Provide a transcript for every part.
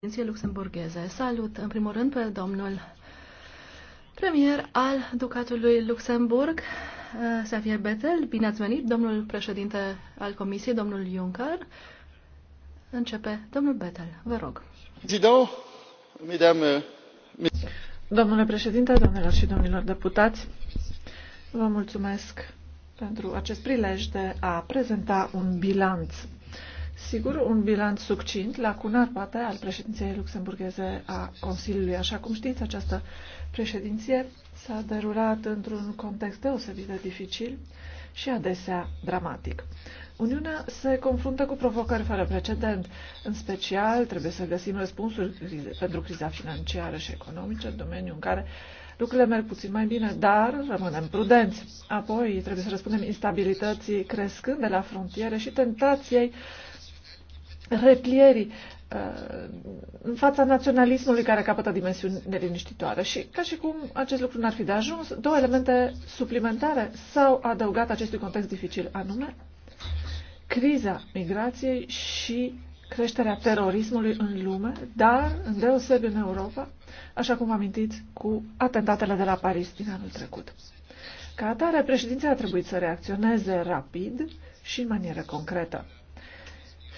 președinției luxemburgheze. Salut, în primul rând, pe domnul premier al Ducatului Luxemburg, eh, Xavier Bettel. Bine ați venit, domnul președinte al Comisiei, domnul Juncker. Începe domnul Bettel, vă rog. Domnule președinte, domnilor și domnilor deputați, vă mulțumesc pentru acest prilej de a prezenta un bilanț Sigur, un bilanț succint, lacunar poate, al președinției luxemburgheze a Consiliului. Așa cum știți, această președinție s-a derulat într-un context deosebit de dificil și adesea dramatic. Uniunea se confruntă cu provocări fără precedent. În special, trebuie să găsim răspunsuri pentru criza financiară și economică, domeniu în care lucrurile merg puțin mai bine, dar rămânem prudenți. Apoi, trebuie să răspundem instabilității crescând de la frontiere și tentației replierii uh, în fața naționalismului care capătă dimensiuni neliniștitoare și ca și cum acest lucru n-ar fi de ajuns, două elemente suplimentare s-au adăugat acestui context dificil, anume criza migrației și creșterea terorismului în lume, dar în îndeosebi în Europa, așa cum amintiți cu atentatele de la Paris din anul trecut. Ca atare, președinția a trebuit să reacționeze rapid și în manieră concretă.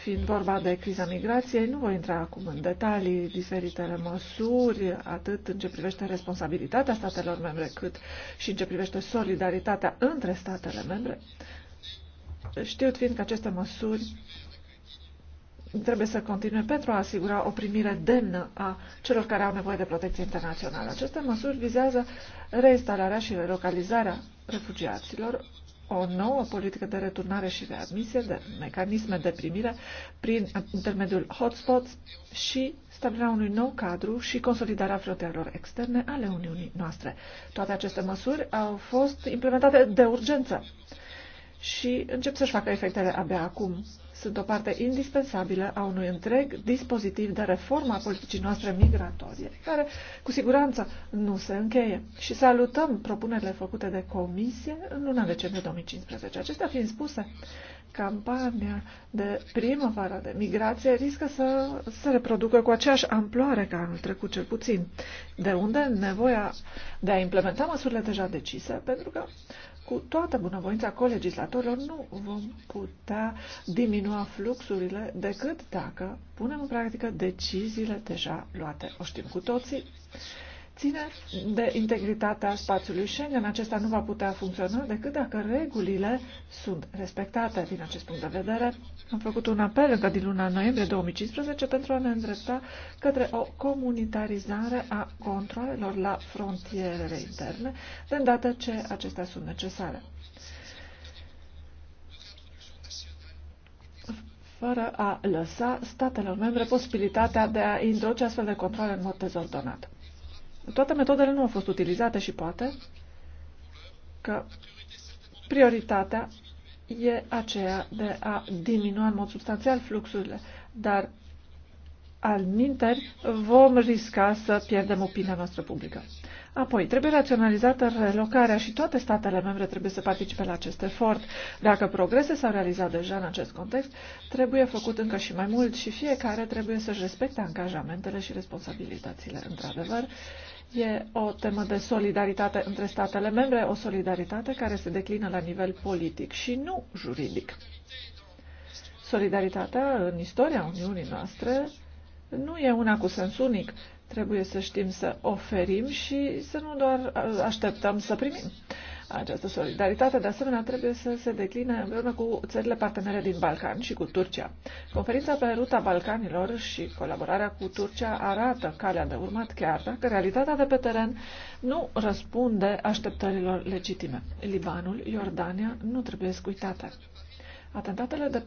Fiind vorba de criza migrației, nu voi intra acum în detalii diferitele măsuri, atât în ce privește responsabilitatea statelor membre, cât și în ce privește solidaritatea între statele membre, știut fiind că aceste măsuri trebuie să continue pentru a asigura o primire demnă a celor care au nevoie de protecție internațională. Aceste măsuri vizează reinstalarea și relocalizarea refugiaților, o nouă politică de returnare și readmisie, de mecanisme de primire prin intermediul hotspots și stabilirea unui nou cadru și consolidarea frontierelor externe ale Uniunii noastre. Toate aceste măsuri au fost implementate de urgență și încep să-și facă efectele abia acum sunt o parte indispensabilă a unui întreg dispozitiv de reformă a politicii noastre migratorie, adică care cu siguranță nu se încheie. Și salutăm propunerile făcute de comisie în luna decembrie 2015. Acestea fiind spuse, campania de primăvară de migrație riscă să se reproducă cu aceeași amploare ca anul trecut, cel puțin. De unde nevoia de a implementa măsurile deja decise, pentru că cu toată bunăvoința colegislatorilor nu vom putea diminua fluxurile decât dacă punem în practică deciziile deja luate. O știm cu toții ține de integritatea spațiului Schengen. Acesta nu va putea funcționa decât dacă regulile sunt respectate. Din acest punct de vedere, am făcut un apel încă din luna noiembrie 2015 pentru a ne îndrepta către o comunitarizare a controlelor la frontierele interne, de îndată ce acestea sunt necesare. fără a lăsa statelor membre posibilitatea de a introduce astfel de controle în mod dezordonat toate metodele nu au fost utilizate și poate că prioritatea e aceea de a diminua în mod substanțial fluxurile, dar al minteri vom risca să pierdem opinia noastră publică. Apoi, trebuie raționalizată relocarea și toate statele membre trebuie să participe la acest efort. Dacă progrese s-au realizat deja în acest context, trebuie făcut încă și mai mult și fiecare trebuie să-și respecte angajamentele și responsabilitățile. Într-adevăr, e o temă de solidaritate între statele membre, o solidaritate care se declină la nivel politic și nu juridic. Solidaritatea în istoria Uniunii noastre nu e una cu sens unic, Trebuie să știm să oferim și să nu doar așteptăm să primim. Această solidaritate, de asemenea, trebuie să se decline împreună cu țările partenere din Balcan și cu Turcia. Conferința pe ruta Balcanilor și colaborarea cu Turcia arată calea de urmat chiar dacă realitatea de pe teren nu răspunde așteptărilor legitime. Libanul, Iordania nu trebuie scuitate. Atentatele de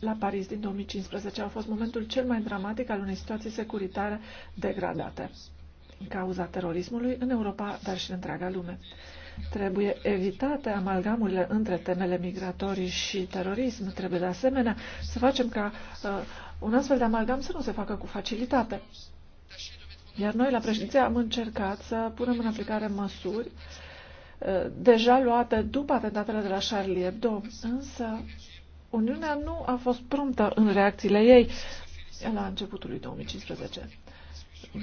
la Paris din 2015 a fost momentul cel mai dramatic al unei situații securitare degradate în cauza terorismului în Europa, dar și în întreaga lume. Trebuie evitate amalgamurile între temele migratorii și terorism. Trebuie de asemenea să facem ca uh, un astfel de amalgam să nu se facă cu facilitate. Iar noi, la președinție, am încercat să punem în aplicare măsuri uh, deja luate după atentatele de la Charlie Hebdo, însă Uniunea nu a fost promptă în reacțiile ei la începutul lui 2015.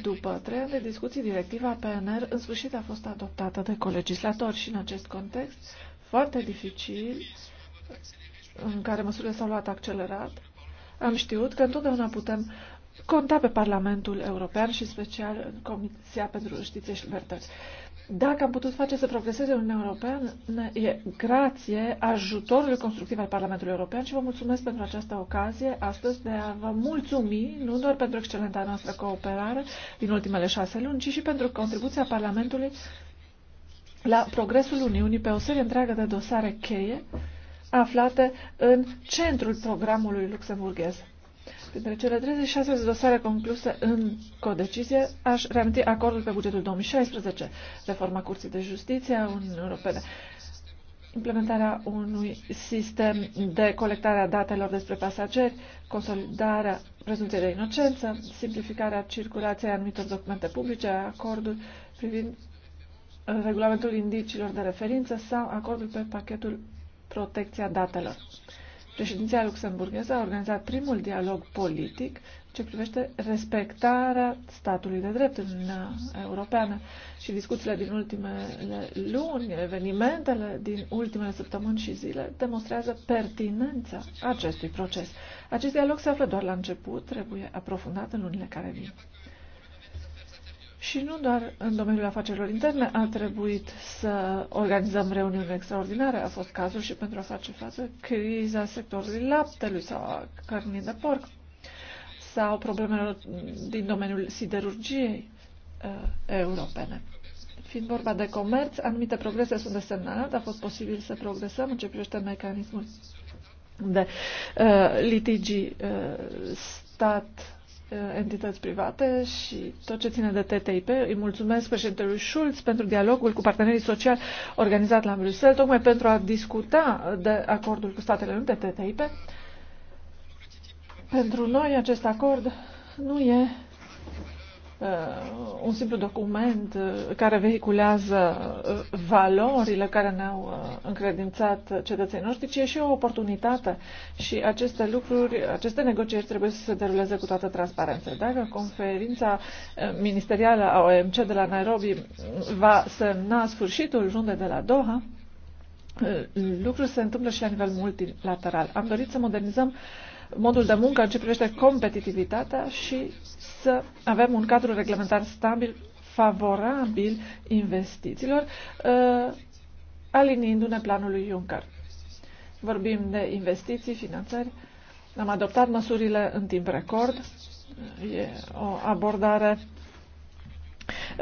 După trei ani de discuții, directiva PNR în sfârșit a fost adoptată de colegislatori și în acest context foarte dificil în care măsurile s-au luat accelerat, am știut că întotdeauna putem conta pe Parlamentul European și special Comisia pentru Justiție și Libertăți. Dacă am putut face să progreseze Uniunea Europeană, e grație ajutorului constructiv al Parlamentului European și vă mulțumesc pentru această ocazie astăzi de a vă mulțumi nu doar pentru excelenta noastră cooperare din ultimele șase luni, ci și pentru contribuția Parlamentului la progresul Uniunii pe o serie întreagă de dosare cheie aflate în centrul programului luxemburghez. Dintre cele 36 de dosare concluse în codecizie, aș reaminti acordul pe bugetul 2016, reforma Curții de Justiție a Uniunii Europene, implementarea unui sistem de colectare a datelor despre pasageri, consolidarea prezumției de inocență, simplificarea circulației anumitor documente publice, acordul privind uh, regulamentul indiciilor de referință sau acordul pe pachetul protecția datelor. Președinția luxemburgheză a organizat primul dialog politic ce privește respectarea statului de drept în Uniunea Europeană și discuțiile din ultimele luni, evenimentele din ultimele săptămâni și zile demonstrează pertinența acestui proces. Acest dialog se află doar la început, trebuie aprofundat în lunile care vin. Și nu doar în domeniul afacerilor interne a trebuit să organizăm reuniuni extraordinare, a fost cazul și pentru a face față criza sectorului laptelui sau a cărnii de porc sau problemelor din domeniul siderurgiei uh, europene. Fiind vorba de comerț, anumite progrese sunt de semnalat, a fost posibil să progresăm în ce privește mecanismul de uh, litigii uh, stat Eh, entități private și tot ce ține de TTIP. Îi mulțumesc președintelui Schulz pentru dialogul cu partenerii sociali organizat la Bruxelles, tocmai pentru a discuta de acordul cu Statele Unite, TTIP. Pentru noi acest acord nu e uh, un simplu document uh, care vehiculează uh, valorile care ne-au uh, încredințat cetățenii noștri, ci e și o oportunitate. Și aceste lucruri, aceste negocieri trebuie să se deruleze cu toată transparența. Dacă conferința uh, ministerială a OMC de la Nairobi uh, va semna sfârșitul rundei de la Doha, uh, lucrul se întâmplă și la nivel multilateral. Am dorit să modernizăm modul de muncă în ce privește competitivitatea și să avem un cadru reglementar stabil, favorabil investițiilor, uh, aliniindu-ne planului Juncker. Vorbim de investiții, finanțări. Am adoptat măsurile în timp record. E o abordare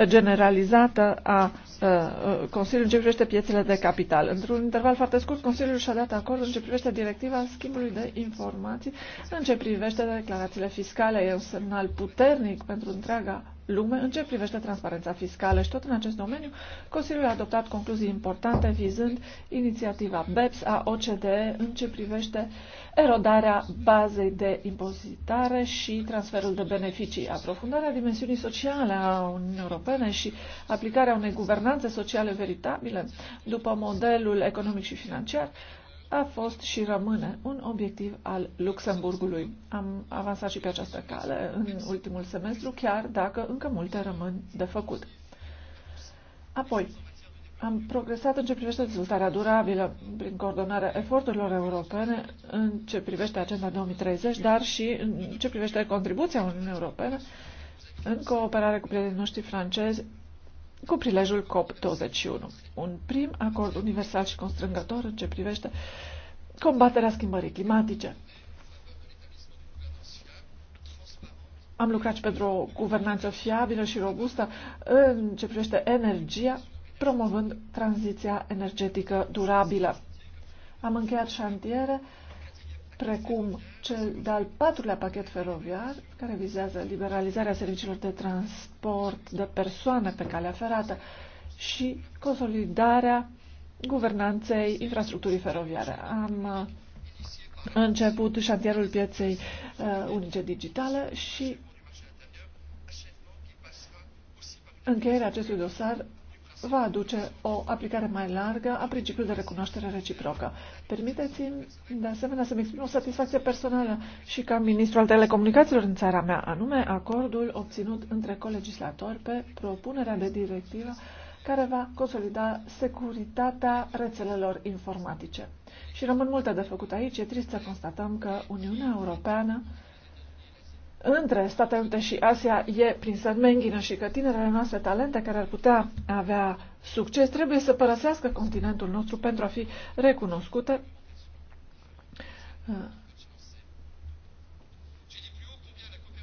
generalizată a Uh, uh, Consiliul în ce privește piețele de capital. Într-un interval foarte scurt, Consiliul și-a dat acord în ce privește directiva schimbului de informații, în ce privește declarațiile fiscale. E un semnal puternic pentru întreaga lume în ce privește transparența fiscală și tot în acest domeniu, Consiliul a adoptat concluzii importante vizând inițiativa BEPS a OCDE în ce privește erodarea bazei de impozitare și transferul de beneficii, aprofundarea dimensiunii sociale a Uniunii Europene și aplicarea unei guvernanțe guvernanțe sociale veritabile, după modelul economic și financiar, a fost și rămâne un obiectiv al Luxemburgului. Am avansat și pe această cale în ultimul semestru, chiar dacă încă multe rămân de făcut. Apoi, am progresat în ce privește dezvoltarea durabilă prin coordonarea eforturilor europene în ce privește agenda 2030, dar și în ce privește contribuția Uniunii Europene în cooperare cu prietenii noștri francezi cu prilejul COP21, un prim acord universal și constrângător în ce privește combaterea schimbării climatice. Am lucrat și pentru o guvernanță fiabilă și robustă în ce privește energia, promovând tranziția energetică durabilă. Am încheiat șantiere precum cel de-al patrulea pachet feroviar, care vizează liberalizarea serviciilor de transport de persoane pe calea ferată și consolidarea guvernanței infrastructurii feroviare. Am uh, început șantierul pieței uh, unice digitale și încheierea acestui dosar va aduce o aplicare mai largă a principiului de recunoaștere reciprocă. Permiteți-mi, de asemenea, să-mi exprim o satisfacție personală și ca ministru al telecomunicațiilor în țara mea, anume acordul obținut între colegislatori pe propunerea de directivă care va consolida securitatea rețelelor informatice. Și rămân multe de făcut aici. E trist să constatăm că Uniunea Europeană între Statele Unite și Asia e prinsă în menghină și că tinerele noastre talente care ar putea avea succes trebuie să părăsească continentul nostru pentru a fi recunoscute uh,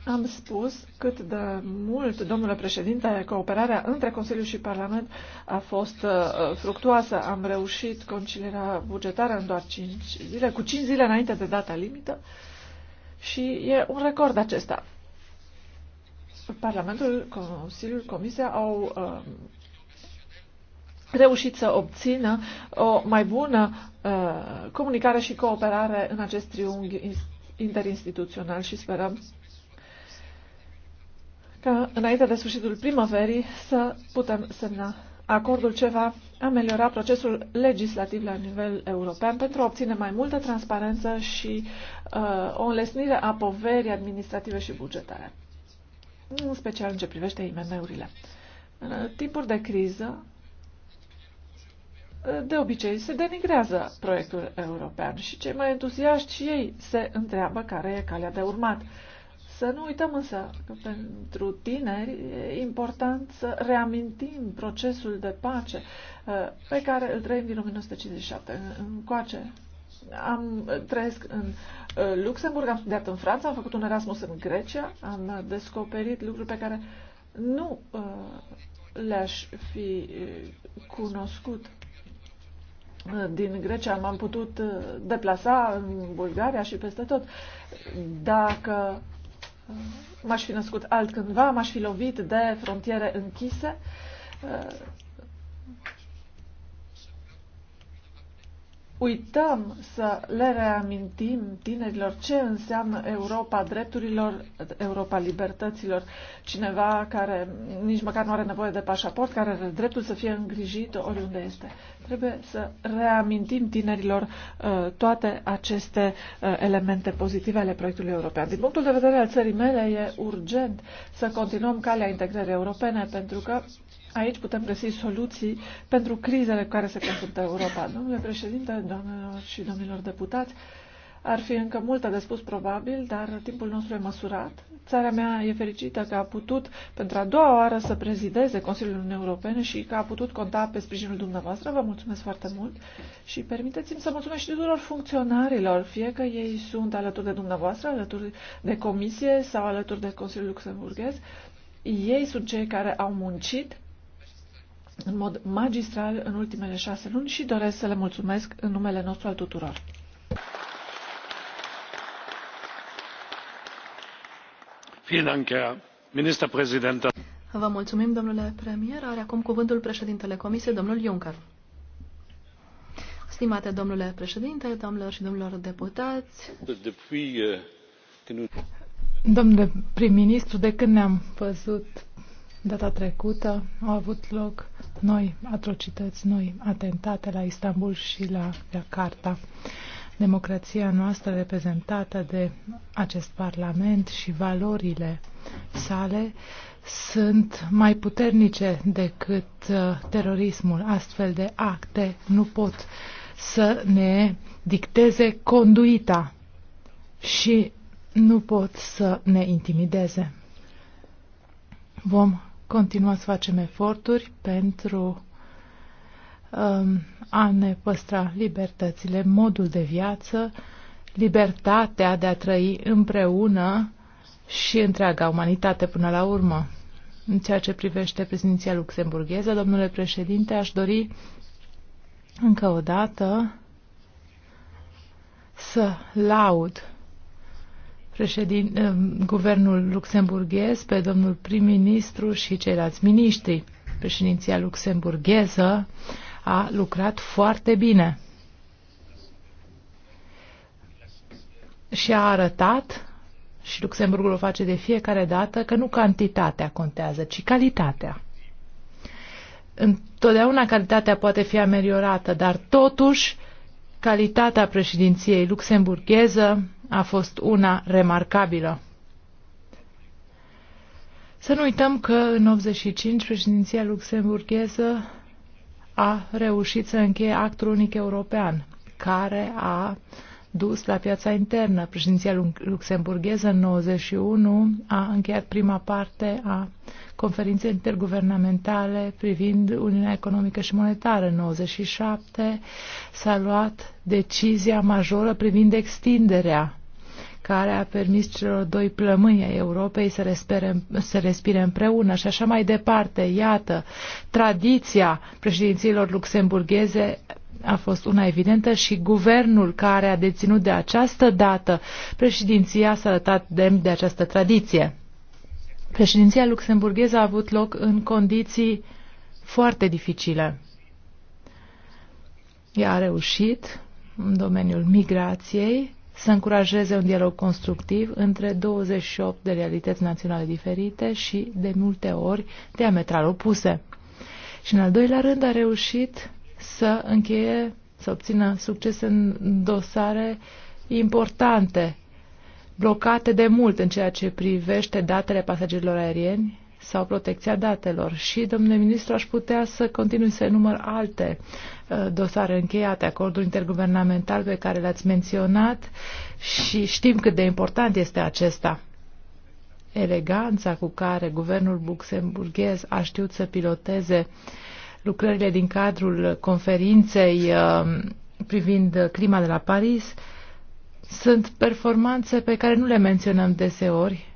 am spus cât de mult, domnule președinte, cooperarea între Consiliu și Parlament a fost uh, fructuoasă. Am reușit concilierea bugetară în doar 5 zile, cu 5 zile înainte de data limită. Uh, și e un record acesta. Parlamentul, Consiliul, Comisia au uh, reușit să obțină o mai bună uh, comunicare și cooperare în acest triunghi interinstituțional și sperăm ca înainte de sfârșitul primăverii să putem semna Acordul ce va ameliora procesul legislativ la nivel european pentru a obține mai multă transparență și uh, o înlesnire a poverii administrative și bugetare, în special în ce privește IMM-urile. În timpuri de criză, de obicei se denigrează proiectul european și cei mai entuziaști și ei se întreabă care e calea de urmat. Să nu uităm însă că pentru tineri e important să reamintim procesul de pace uh, pe care îl trăim din 1957 încoace. Am, uh, trăiesc în uh, Luxemburg, am studiat în Franța, am făcut un Erasmus în Grecia, am descoperit lucruri pe care nu le-aș fi cunoscut. Din Grecia m-am putut deplasa în Bulgaria și peste tot. Dacă m-aș fi născut altcândva, m-aș fi lovit de frontiere închise. Uh, uităm să le reamintim tinerilor ce înseamnă Europa drepturilor, Europa libertăților. Cineva care nici măcar nu are nevoie de pașaport, care are dreptul să fie îngrijit oriunde este. Trebuie să reamintim tinerilor uh, toate aceste uh, elemente pozitive ale proiectului european. Din punctul de vedere al țării mele, e urgent să continuăm calea integrării europene, pentru că aici putem găsi soluții pentru crizele cu care se confruntă Europa. Domnule președinte, doamnelor și domnilor deputați, uh, ar fi încă multă de spus probabil, dar timpul nostru e măsurat. Țara mea e fericită că a putut pentru a doua oară să prezideze Consiliul Uniunii Europene și că a putut conta pe sprijinul dumneavoastră. Vă mulțumesc foarte mult și permiteți-mi să mulțumesc și tuturor funcționarilor, fie că ei sunt alături de dumneavoastră, alături de comisie sau alături de Consiliul Luxemburghez. Ei sunt cei care au muncit în mod magistral în ultimele șase luni și doresc să le mulțumesc în numele nostru al tuturor. Vă mulțumim, domnule premier. Are acum cuvântul președintele Comisiei, domnul Juncker. Stimate domnule președinte, doamnelor și domnilor deputați, domnule prim-ministru, de când ne-am văzut data trecută, au avut loc noi atrocități, noi atentate la Istanbul și la Jakarta democrația noastră reprezentată de acest Parlament și valorile sale sunt mai puternice decât uh, terorismul. Astfel de acte nu pot să ne dicteze conduita și nu pot să ne intimideze. Vom continua să facem eforturi pentru Um, a ne păstra libertățile, modul de viață, libertatea de a trăi împreună și întreaga umanitate până la urmă. În ceea ce privește prezidenția luxemburgheză, domnule președinte, aș dori încă o dată să laud președin, um, guvernul luxemburghez pe domnul prim-ministru și ceilalți miniștri. Președinția luxemburgheză a lucrat foarte bine și a arătat, și Luxemburgul o face de fiecare dată, că nu cantitatea contează, ci calitatea. Întotdeauna calitatea poate fi ameliorată, dar totuși calitatea președinției luxemburgheză a fost una remarcabilă. Să nu uităm că în 85 președinția luxemburgheză a reușit să încheie actul unic european, care a dus la piața internă. Președinția luxemburgheză în 91 a încheiat prima parte a conferinței interguvernamentale privind Uniunea Economică și Monetară. În 97 s-a luat decizia majoră privind extinderea care a permis celor doi plămâni ai Europei să respere, să respire împreună și așa mai departe. Iată, tradiția președinților luxemburgheze a fost una evidentă și guvernul care a deținut de această dată președinția s-a arătat demn de această tradiție. Președinția luxemburgheză a avut loc în condiții foarte dificile. Ea a reușit în domeniul migrației, să încurajeze un dialog constructiv între 28 de realități naționale diferite și, de multe ori, diametral opuse. Și, în al doilea rând, a reușit să încheie, să obțină succes în dosare importante, blocate de mult în ceea ce privește datele pasagerilor aerieni sau protecția datelor. Și, domnule ministru, aș putea să continui să număr alte uh, dosare încheiate, acordul interguvernamental pe care l-ați menționat și știm cât de important este acesta. Eleganța cu care guvernul luxemburghez a știut să piloteze lucrările din cadrul conferinței uh, privind clima de la Paris sunt performanțe pe care nu le menționăm deseori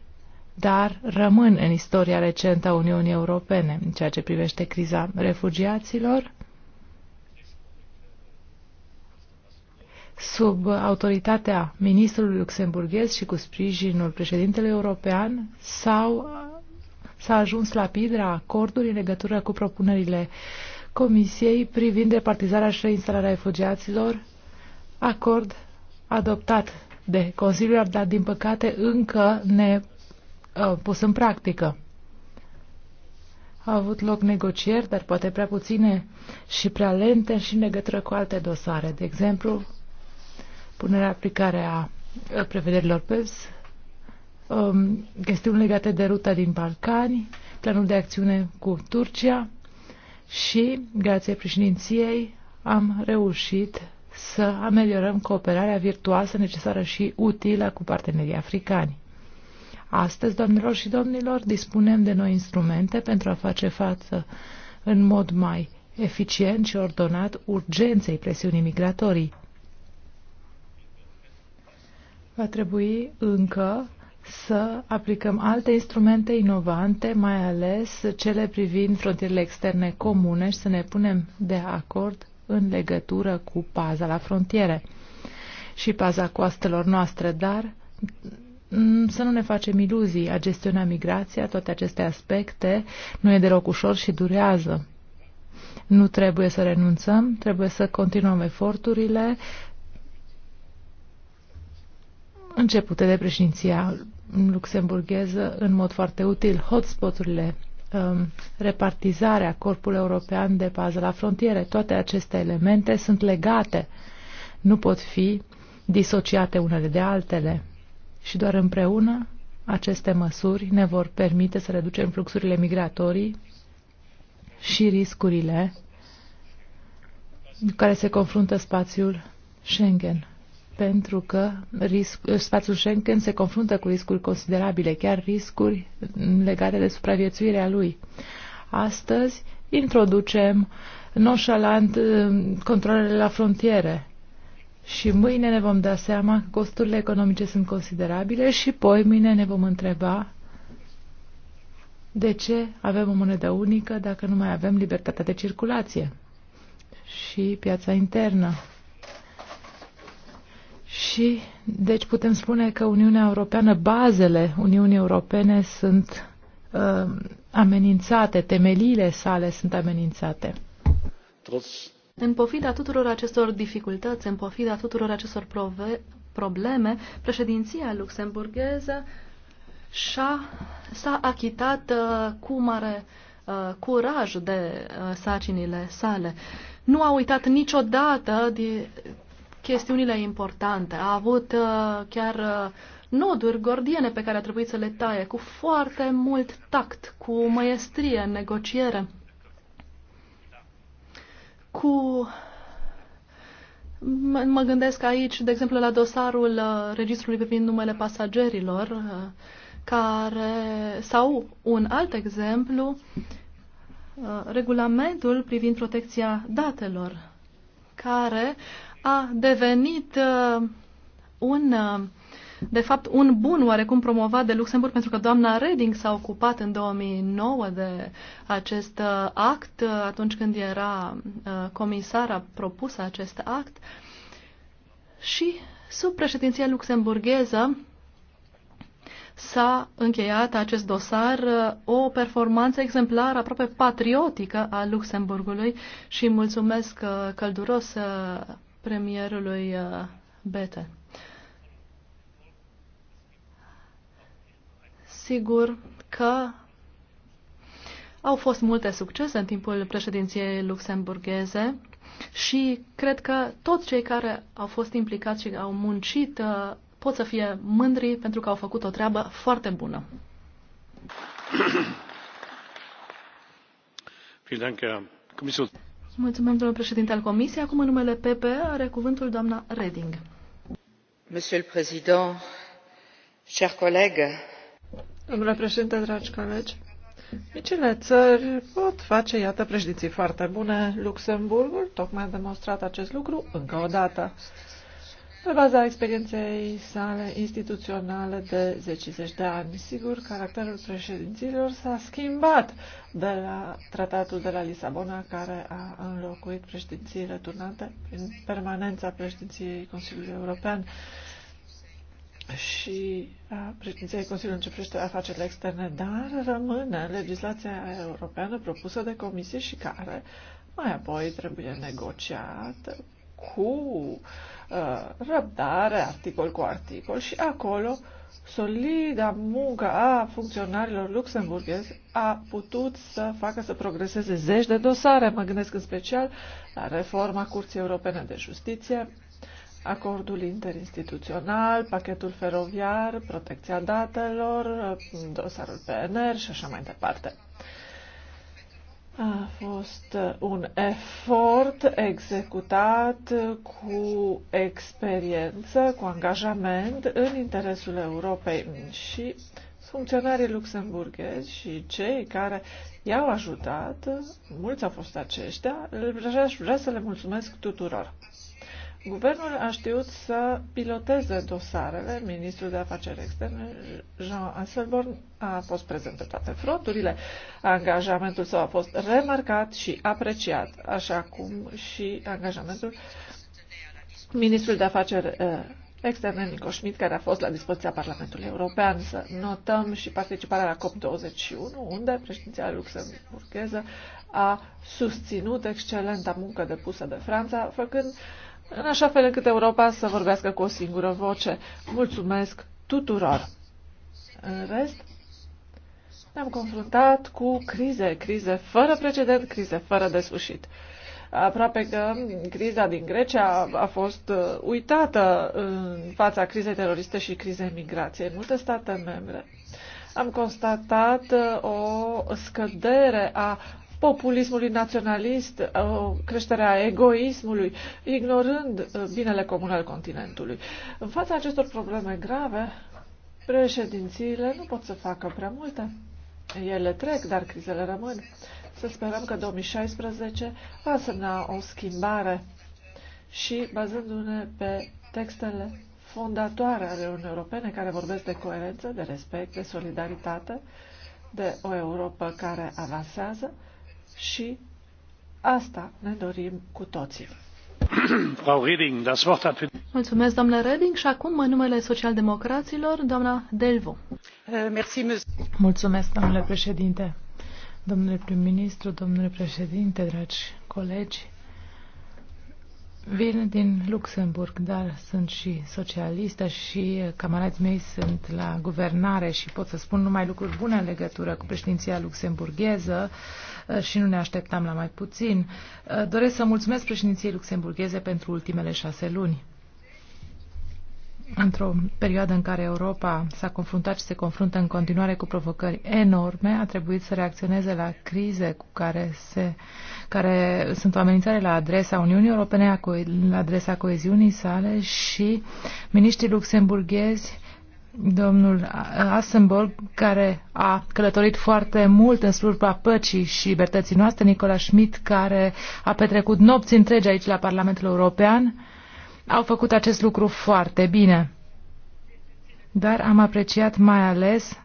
dar rămân în istoria recentă a Uniunii Europene în ceea ce privește criza refugiaților. Sub autoritatea ministrului luxemburghez și cu sprijinul președintelui european sau s-a ajuns la pidra acorduri în legătură cu propunerile Comisiei privind repartizarea și reinstalarea refugiaților, acord adoptat de Consiliul, dar din păcate încă ne Uh, pus în practică. Au avut loc negocieri, dar poate prea puține și prea lente și în legătură cu alte dosare. De exemplu, punerea aplicare a uh, prevederilor PES, um, chestiuni legate de ruta din Balcani, planul de acțiune cu Turcia și, grație președinției, am reușit să ameliorăm cooperarea virtuoasă necesară și utilă cu partenerii africani. Astăzi, domnilor și domnilor, dispunem de noi instrumente pentru a face față în mod mai eficient și ordonat urgenței presiunii migratorii. Va trebui încă să aplicăm alte instrumente inovante, mai ales cele privind frontierele externe comune și să ne punem de acord în legătură cu paza la frontiere și paza coastelor noastre, dar Mm, să nu ne facem iluzii. A gestiona migrația, toate aceste aspecte, nu e deloc ușor și durează. Nu trebuie să renunțăm, trebuie să continuăm eforturile începute de președinția luxemburgheză în mod foarte util. Hotspoturile, um, repartizarea Corpului European de Pază la Frontiere, toate aceste elemente sunt legate, nu pot fi disociate unele de altele și doar împreună aceste măsuri ne vor permite să reducem fluxurile migratorii și riscurile cu care se confruntă spațiul Schengen. Pentru că risc, spațiul Schengen se confruntă cu riscuri considerabile, chiar riscuri legate de supraviețuirea lui. Astăzi introducem noșalant eh, controlele la frontiere și mâine ne vom da seama că costurile economice sunt considerabile și poi mâine ne vom întreba de ce avem o monedă unică dacă nu mai avem libertatea de circulație și piața internă. Și, deci, putem spune că Uniunea Europeană, bazele Uniunii Europene sunt uh, amenințate, temeliile sale sunt amenințate. Trotz în pofida tuturor acestor dificultăți, în pofida tuturor acestor probleme, președinția luxemburgheză și-a, s-a achitat uh, cu mare uh, curaj de uh, sacinile sale. Nu a uitat niciodată de chestiunile importante. A avut uh, chiar uh, noduri gordiene pe care a trebuit să le taie cu foarte mult tact, cu măiestrie în negociere cu mă gândesc aici, de exemplu, la dosarul uh, registrului privind numele pasagerilor, uh, care sau un alt exemplu, uh, regulamentul privind protecția datelor, care a devenit un de fapt, un bun oarecum promovat de Luxemburg, pentru că doamna Reding s-a ocupat în 2009 de acest uh, act, uh, atunci când era uh, comisara propusă acest act. Și sub președinția luxemburgheză, s-a încheiat acest dosar o performanță exemplară, aproape patriotică a Luxemburgului și mulțumesc călduros premierului Bete. Sigur că au fost multe succese în timpul președinției luxemburgheze și cred că toți cei care au fost implicați și au muncit uh, pot să fie mândri pentru că au făcut o treabă foarte bună. Mulțumim, domnule președinte al Comisiei. Acum, în numele PP, are cuvântul doamna Reding. Monsieur le Président, chers collègues, Domnule președinte, dragi colegi, micile țări pot face, iată, președinții foarte bune. Luxemburgul tocmai a demonstrat acest lucru încă o dată, pe baza experienței sale instituționale de 10 zeci de ani. Sigur, caracterul președinților s-a schimbat de la tratatul de la Lisabona, care a înlocuit președințiile turnate prin permanența președinției Consiliului European și a președinției Consiliului începește afacerile externe, dar rămâne legislația europeană propusă de comisie și care mai apoi trebuie negociată cu uh, răbdare, articol cu articol și acolo solida muncă a funcționarilor luxemburghezi a putut să facă să progreseze zeci de dosare. Mă gândesc în special la reforma Curții Europene de Justiție, acordul interinstituțional, pachetul feroviar, protecția datelor, dosarul PNR și așa mai departe. A fost un efort executat cu experiență, cu angajament în interesul Europei și funcționarii luxemburghezi și cei care i-au ajutat, mulți au fost aceștia, vreau să le mulțumesc tuturor. Guvernul a știut să piloteze dosarele. Ministrul de Afaceri Externe, Jean Asselborn, a fost prezent pe toate fronturile. Angajamentul său a fost remarcat și apreciat, așa cum și angajamentul ministrul de Afaceri eh, Externe, Nico Schmidt, care a fost la dispoziția Parlamentului European. Să notăm și participarea la COP21, unde președinția luxemburgheză a susținut excelenta muncă depusă de Franța, făcând uh, în așa fel încât Europa să vorbească cu o singură voce. Mulțumesc tuturor! În rest, ne-am confruntat cu crize, crize fără precedent, crize fără de sfârșit. Aproape că criza din Grecia a fost uh, uitată în fața crizei teroriste și crizei migrației. În multe state membre am constatat uh, o scădere a populismului naționalist, uh, creșterea egoismului, ignorând uh, binele comun al continentului. În fața acestor probleme grave, președințiile nu pot să facă prea multe. Ele trec, dar crizele rămân. Să sperăm că 2016 va semna o schimbare și bazându-ne pe textele fondatoare ale Uniunii Europene care vorbesc de coerență, de respect, de solidaritate, de o Europa care avansează, și asta ne dorim cu toții. Reding, das Wort hat... Mulțumesc, doamnă Reding. Și acum, în numele socialdemocraților, doamna Delvo. Eh, Mulțumesc, domnule președinte. Domnule prim-ministru, domnule președinte, dragi colegi, Vin din Luxemburg, dar sunt și socialistă și camarați mei sunt la guvernare și pot să spun numai lucruri bune în legătură cu președinția luxemburgheză uh, și nu ne așteptam la mai puțin. Uh, doresc să mulțumesc președinției luxemburgheze pentru ultimele șase luni într-o perioadă în care Europa s-a confruntat și se confruntă în continuare cu provocări enorme, a trebuit să reacționeze la crize cu care, se, care sunt o amenințare la adresa Uniunii Europene, la adresa coeziunii sale și miniștrii luxemburghezi domnul Assenborg, care a călătorit foarte mult în slujba păcii și libertății noastre, Nicola Schmidt, care a petrecut nopți întregi aici la Parlamentul European, au făcut acest lucru foarte bine. Dar am apreciat mai ales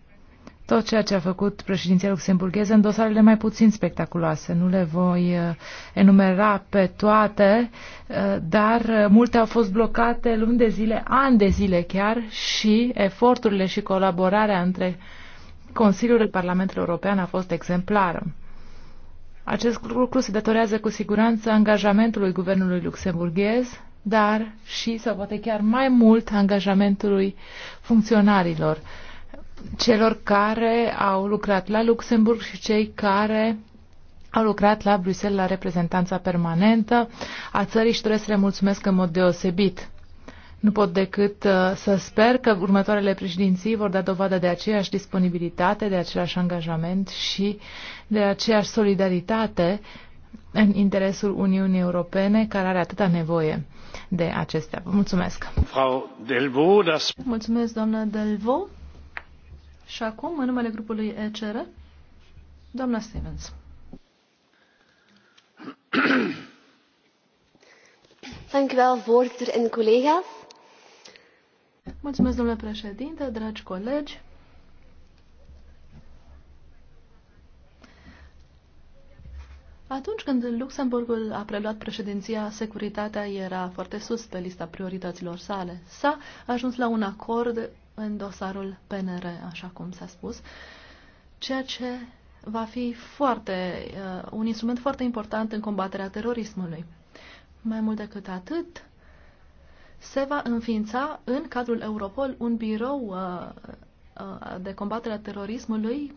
tot ceea ce a făcut președinția luxemburgheză în dosarele mai puțin spectaculoase. Nu le voi uh, enumera pe toate, uh, dar uh, multe au fost blocate luni de zile, ani de zile chiar și eforturile și colaborarea între Consiliul Parlamentului European a fost exemplară. Acest lucru se datorează cu siguranță angajamentului guvernului luxemburghez dar și, sau poate chiar mai mult, angajamentului funcționarilor, celor care au lucrat la Luxemburg și cei care au lucrat la Bruxelles la reprezentanța permanentă a țării și trebuie să le mulțumesc în mod deosebit. Nu pot decât uh, să sper că următoarele președinții vor da dovadă de aceeași disponibilitate, de același angajament și de aceeași solidaritate în interesul Uniunii Europene, care are atâta nevoie de acestea. Vă mulțumesc! Frau Delvo, das... Mulțumesc, doamna Delvo. Și acum, în numele grupului ECR, doamna Stevens. Mulțumesc, domnule președinte, dragi colegi. Atunci când Luxemburgul a preluat președinția, securitatea era foarte sus pe lista priorităților sale. S-a ajuns la un acord în dosarul PNR, așa cum s-a spus, ceea ce va fi foarte, uh, un instrument foarte important în combaterea terorismului. Mai mult decât atât, se va înființa în cadrul Europol un birou uh, uh, de combaterea terorismului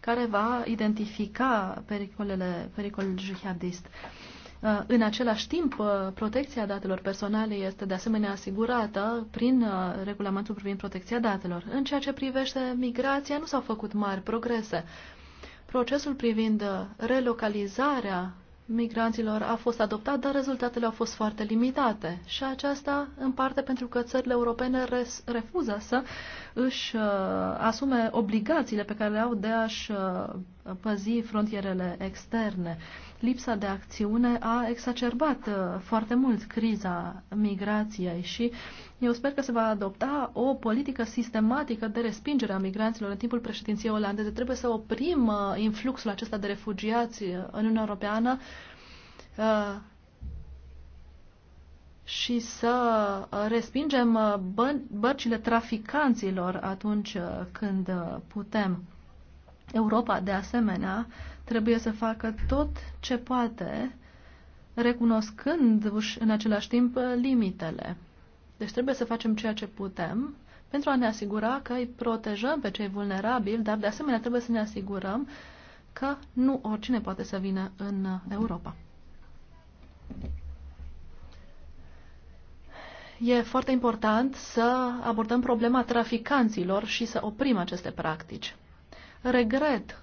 care va identifica pericolele, pericolul jihadist. Uh, în același timp, uh, protecția datelor personale este de asemenea asigurată prin uh, regulamentul privind protecția datelor. În ceea ce privește migrația, nu s-au făcut mari progrese. Procesul privind relocalizarea migranților a fost adoptat, dar rezultatele au fost foarte limitate. Și aceasta în parte pentru că țările europene refuză să își uh, asume obligațiile pe care le au de a-și uh, păzi frontierele externe. Lipsa de acțiune a exacerbat uh, foarte mult criza migrației și uh, eu sper că se va adopta o politică sistematică de respingere a migranților în timpul președinției olandeze. Trebuie să oprim uh, influxul acesta de refugiați uh, în Uniunea Europeană uh, și să respingem bărcile traficanților atunci când putem. Europa, de asemenea, trebuie să facă tot ce poate, recunoscându-și în același timp limitele. Deci trebuie să facem ceea ce putem pentru a ne asigura că îi protejăm pe cei vulnerabili, dar de asemenea trebuie să ne asigurăm că nu oricine poate să vină în Europa. E foarte important să abordăm problema traficanților și să oprim aceste practici. Regret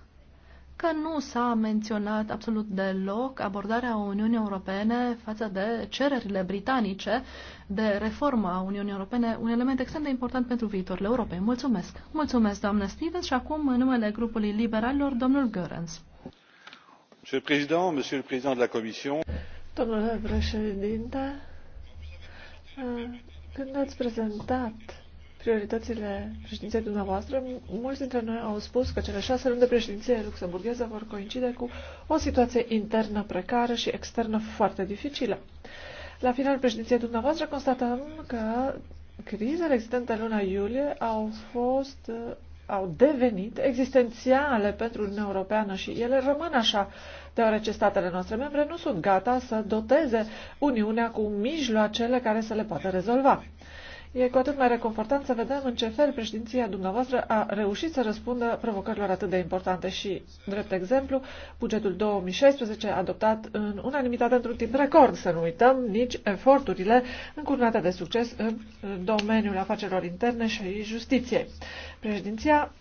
că nu s-a menționat absolut deloc abordarea Uniunii Europene față de cererile britanice de reforma Uniunii Europene, un element extrem de important pentru viitorul Europei. Mulțumesc! Mulțumesc, doamnă Stevens, și acum, în numele grupului liberalilor, domnul Görens. Domnule președinte, când ați prezentat prioritățile președinției dumneavoastră, mulți dintre noi au spus că cele șase luni de președinție luxemburgheză vor coincide cu o situație internă precară și externă foarte dificilă. La final președinției dumneavoastră constatăm că crizele existente luna iulie au fost au devenit existențiale pentru Uniunea Europeană și ele rămân așa, deoarece statele noastre membre nu sunt gata să doteze Uniunea cu mijloacele care să le poată rezolva. E cu atât mai reconfortant să vedem în ce fel președinția dumneavoastră a reușit să răspundă provocărilor atât de importante și, drept exemplu, bugetul 2016 adoptat în unanimitate într-un timp record, să nu uităm nici eforturile încurnate de succes în domeniul afacerilor interne și justiției. Președinția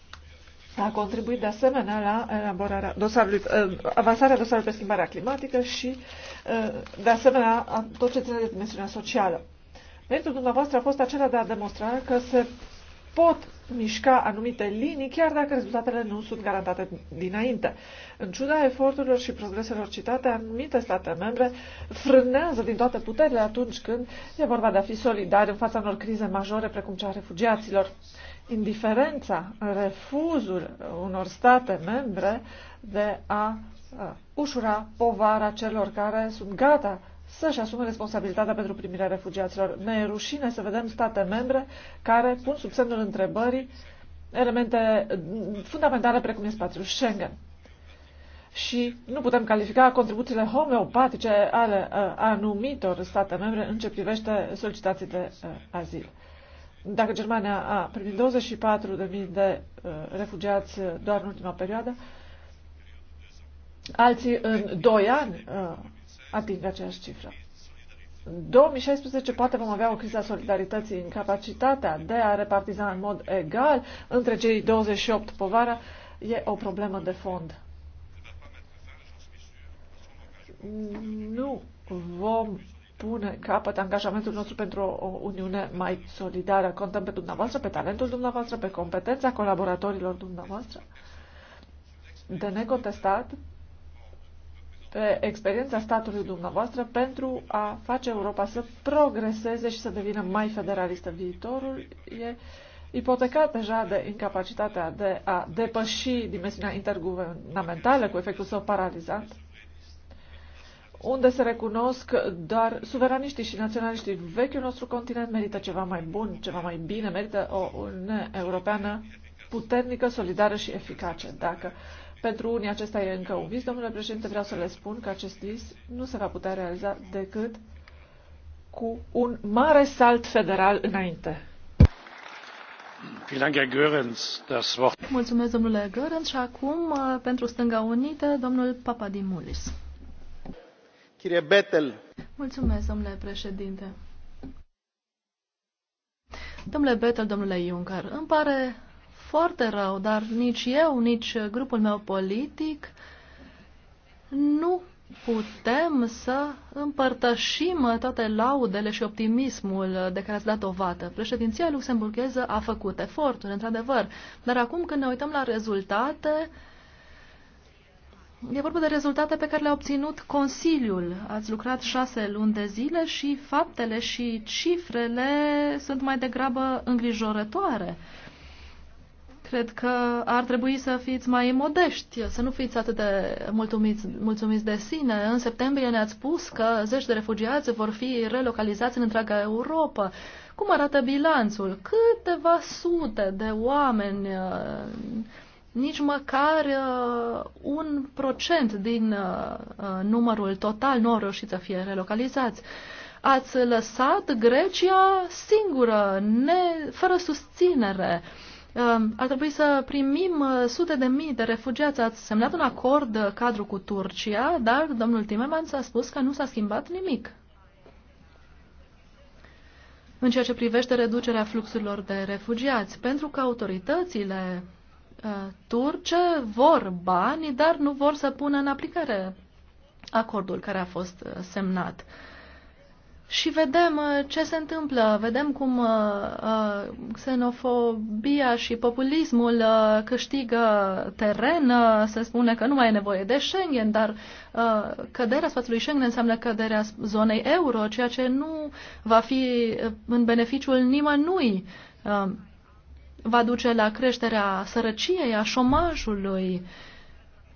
a contribuit de asemenea la elaborarea dosarului, uh, avansarea dosarului pe schimbarea climatică și, uh, de asemenea, tot ce ține de dimensiunea socială. Meritul dumneavoastră a fost acela de a demonstra că se pot mișca anumite linii, chiar dacă rezultatele nu sunt garantate dinainte. În ciuda eforturilor și progreselor citate, anumite state membre frânează din toate puterile atunci când e vorba de a fi solidari în fața unor crize majore, precum cea a refugiaților. Indiferența, refuzul unor state membre de a ușura povara celor care sunt gata să-și asume responsabilitatea pentru primirea refugiaților. Ne e rușine să vedem state membre care pun sub semnul întrebării elemente fundamentale precum e spațiul Schengen. Și nu putem califica contribuțiile homeopatice ale uh, anumitor state membre în ce privește solicitații de uh, azil. Dacă Germania a primit 24.000 de uh, refugiați uh, doar în ultima perioadă, alții în 2 ani uh, atingă aceeași cifră. În 2016 poate vom avea o criză a solidarității, incapacitatea de a repartiza în mod egal între cei 28 povara e o problemă de fond. Nu vom pune capăt angajamentul nostru pentru o Uniune mai solidară. Contăm pe dumneavoastră, pe talentul dumneavoastră, pe competența colaboratorilor dumneavoastră. De necontestat, pe experiența statului dumneavoastră pentru a face Europa să progreseze și să devină mai federalistă. Viitorul e ipotecat deja de incapacitatea de a depăși dimensiunea interguvernamentală cu efectul său paralizant, unde se recunosc doar suveraniștii și naționaliștii. Vechiul nostru continent merită ceva mai bun, ceva mai bine, merită o Uniune Europeană puternică, solidară și eficace. Dacă uh, pentru unii acesta e încă un vis. Domnule președinte, vreau să le spun că acest vis nu se va putea realiza decât cu un mare salt federal înainte. Mulțumesc, domnule Görens. Și acum, uh, pentru Stânga Unită, domnul Papadimulis. Mulțumesc, domnule președinte. Domnule Betel, domnule Juncker, îmi pare foarte rău, dar nici eu, nici grupul meu politic nu putem să împărtășim toate laudele și optimismul de care ați dat dovadă. Președinția luxemburgheză a făcut eforturi, într-adevăr, dar acum când ne uităm la rezultate, E vorba de rezultate pe care le-a obținut Consiliul. Ați lucrat șase luni de zile și faptele și cifrele sunt mai degrabă îngrijorătoare. Cred că ar trebui să fiți mai modești, să nu fiți atât de mulțumiți, mulțumiți de sine. În septembrie ne-ați spus că zeci de refugiați vor fi relocalizați în întreaga Europa. Cum arată bilanțul? Câteva sute de oameni, uh, nici măcar uh, un procent din uh, numărul total nu au reușit să fie relocalizați ați lăsat Grecia singură, ne, fără susținere. Um, ar trebui să primim uh, sute de mii de refugiați. Ați semnat un acord uh, cadru cu Turcia, dar domnul Timmermans a spus că nu s-a schimbat nimic. În ceea ce privește reducerea fluxurilor de refugiați, pentru că autoritățile uh, turce vor bani, dar nu vor să pună în aplicare acordul care a fost semnat și vedem uh, ce se întâmplă, vedem cum uh, uh, xenofobia și populismul câștigă teren, se spune că nu mai e nevoie de Schengen, dar căderea spațiului Schengen înseamnă căderea zonei euro, ceea ce nu va fi în beneficiul nimănui. Va duce la creșterea sărăciei, a șomajului.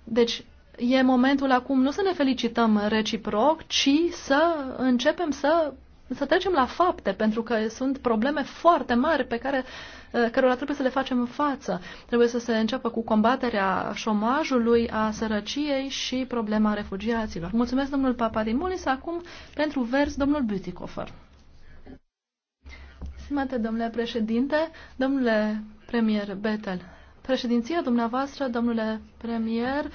Deci e momentul acum nu să ne felicităm reciproc, ci să începem să, să trecem la fapte, pentru că sunt probleme foarte mari pe care eh, cărora trebuie să le facem în față. Trebuie să se înceapă cu combaterea șomajului, a sărăciei și problema refugiaților. Mulțumesc, domnul Papadimulis, acum pentru vers, domnul Butikofer. Stimate domnule președinte, domnule premier Betel, președinția dumneavoastră, domnule premier,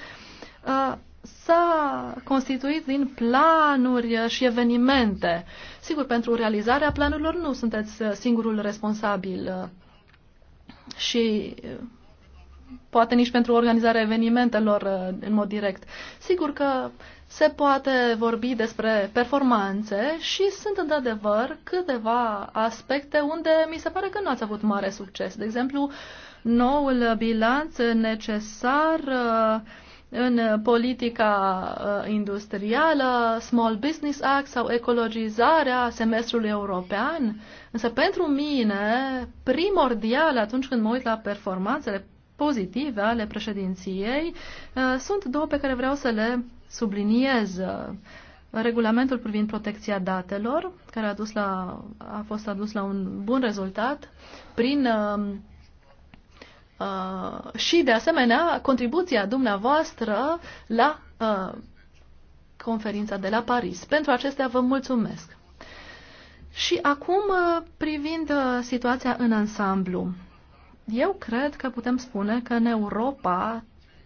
s-a constituit din planuri și evenimente. Sigur, pentru realizarea planurilor nu sunteți uh, singurul responsabil uh, și uh, poate nici pentru organizarea evenimentelor în mod direct. Sigur că se poate vorbi despre performanțe și sunt într-adevăr câteva aspecte unde mi se pare că nu ați avut mare succes. De exemplu, noul bilanț necesar uh, în politica uh, industrială, Small Business Act sau ecologizarea semestrului european. Însă pentru mine, primordial atunci când mă uit la performanțele pozitive ale președinției, uh, sunt două pe care vreau să le subliniez. Regulamentul privind protecția datelor, care a, dus la, a fost adus la un bun rezultat prin uh, Uh, și, de asemenea, contribuția dumneavoastră la uh, conferința de la Paris. Pentru acestea vă mulțumesc. Și acum, uh, privind uh, situația în ansamblu, eu cred că putem spune că în Europa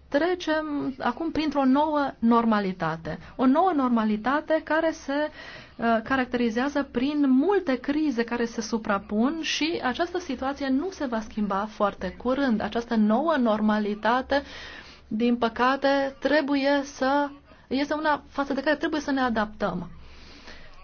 trecem acum printr-o nouă normalitate. O nouă normalitate care se uh, caracterizează prin multe crize care se suprapun și această situație nu se va schimba foarte curând. Această nouă normalitate, din păcate, trebuie să este una față de care trebuie să ne adaptăm.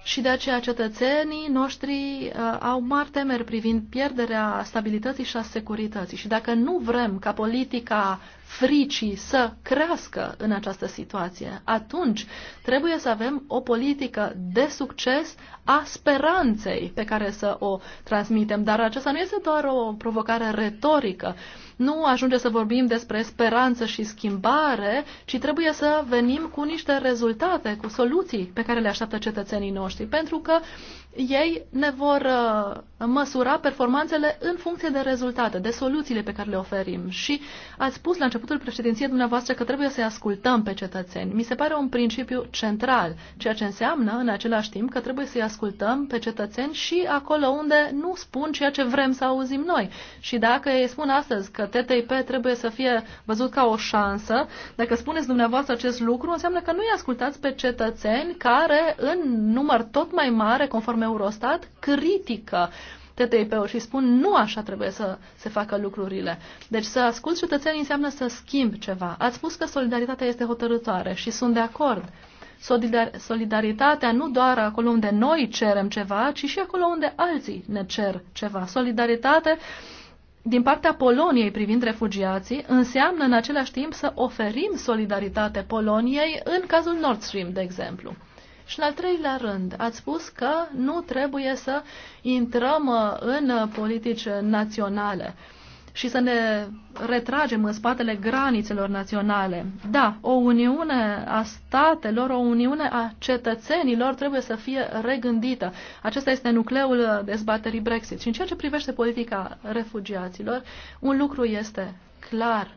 Și de aceea cetățenii noștri uh, au mari temeri privind pierderea stabilității și a securității. Și dacă nu vrem ca politica fricii să crească în această situație, atunci trebuie să avem o politică de succes a speranței pe care să o transmitem. Dar aceasta nu este doar o provocare retorică. Uh, nu ajunge să vorbim despre speranță și schimbare, ci trebuie să venim cu niște rezultate, cu soluții pe care le așteaptă cetățenii noștri. Pentru că uh, ei ne vor uh, măsura performanțele în funcție de rezultate, de soluțiile pe care le oferim. Și ați spus la începutul președinției dumneavoastră că trebuie să-i ascultăm pe cetățeni. Mi se pare un principiu central, ceea ce înseamnă în același timp că trebuie să-i ascultăm pe cetățeni și acolo unde nu spun ceea ce vrem să auzim noi. Și dacă ei spun astăzi că TTIP trebuie să fie văzut ca o șansă, dacă spuneți dumneavoastră acest lucru, înseamnă că nu-i ascultați pe cetățeni care în număr tot mai mare, conform Eurostat critică TTIP-ul și spun nu așa trebuie să se facă lucrurile. Deci să ascult cetățenii înseamnă să schimbi ceva. Ați spus că solidaritatea este hotărătoare și sunt de acord. Solidaritatea nu doar acolo unde noi cerem ceva, ci și acolo unde alții ne cer ceva. Solidaritate din partea Poloniei privind refugiații înseamnă în același timp să oferim solidaritate Poloniei în cazul Nord Stream, de exemplu. Și în al treilea rând, ați spus că nu trebuie să intrăm uh, în uh, politici naționale și să ne retragem în spatele granițelor naționale. Da, o uniune a statelor, o uniune a cetățenilor trebuie să fie regândită. Acesta este nucleul uh, dezbaterii Brexit. Și în ceea ce privește politica refugiaților, un lucru este clar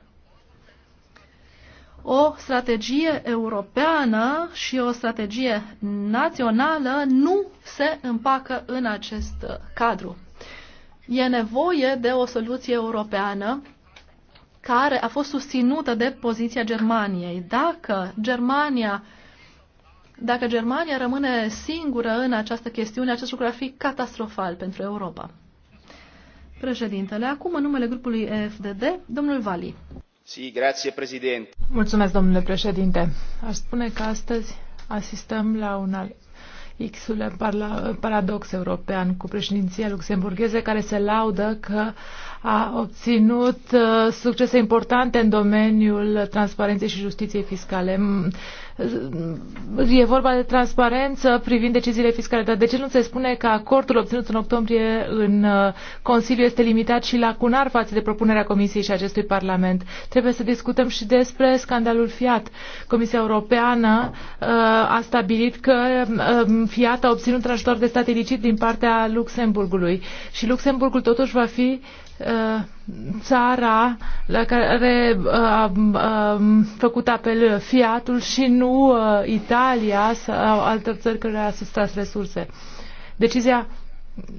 o strategie europeană și o strategie națională nu se împacă în acest cadru. E nevoie de o soluție europeană care a fost susținută de poziția Germaniei. Dacă Germania dacă Germania rămâne singură în această chestiune, acest lucru ar fi catastrofal pentru Europa. Președintele, acum în numele grupului EFDD, domnul Vali. Mulțumesc, domnule președinte. Aș spune că astăzi asistăm la un al x paradox european cu președinția luxemburgheză care se laudă că a obținut uh, succese importante în domeniul transparenței și justiției fiscale. Mm, uh, e vorba de transparență privind deciziile fiscale, dar de ce nu se spune că acordul obținut în octombrie în uh, Consiliu este limitat și lacunar față de propunerea Comisiei și acestui Parlament? Trebuie să discutăm și despre scandalul Fiat. Comisia Europeană a stabilit că um, Fiat a obținut ajutor de stat ilicit din partea Luxemburgului și Luxemburgul totuși va fi Uh, țara la care uh, a făcut apel Fiatul și nu uh, Italia sau alte țări care a sustras resurse. Decizia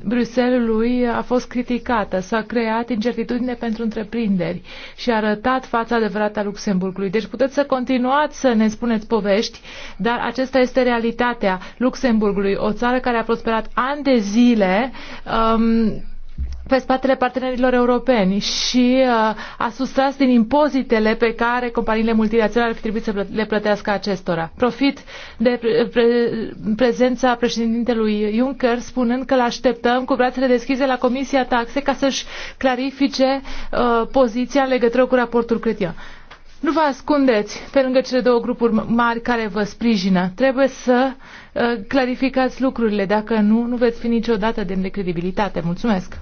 Bruxellesului a fost criticată, s-a creat incertitudine pentru întreprinderi și a arătat fața adevărată a Luxemburgului. Deci puteți să continuați să ne spuneți povești, dar acesta este realitatea Luxemburgului, o țară care a prosperat ani de zile. Um, pe spatele partenerilor europeni și uh, a sustras din impozitele pe care companiile multinaționale ar fi trebuit să le plătească acestora. Profit de pre- pre- prezența președintelui Juncker spunând că îl așteptăm cu brațele deschise la Comisia Taxe ca să-și clarifice uh, poziția în legătură cu raportul Cretia. Nu vă ascundeți pe lângă cele două grupuri mari care vă sprijină. Trebuie să uh, clarificați lucrurile. Dacă nu, nu veți fi niciodată demn de credibilitate. Mulțumesc!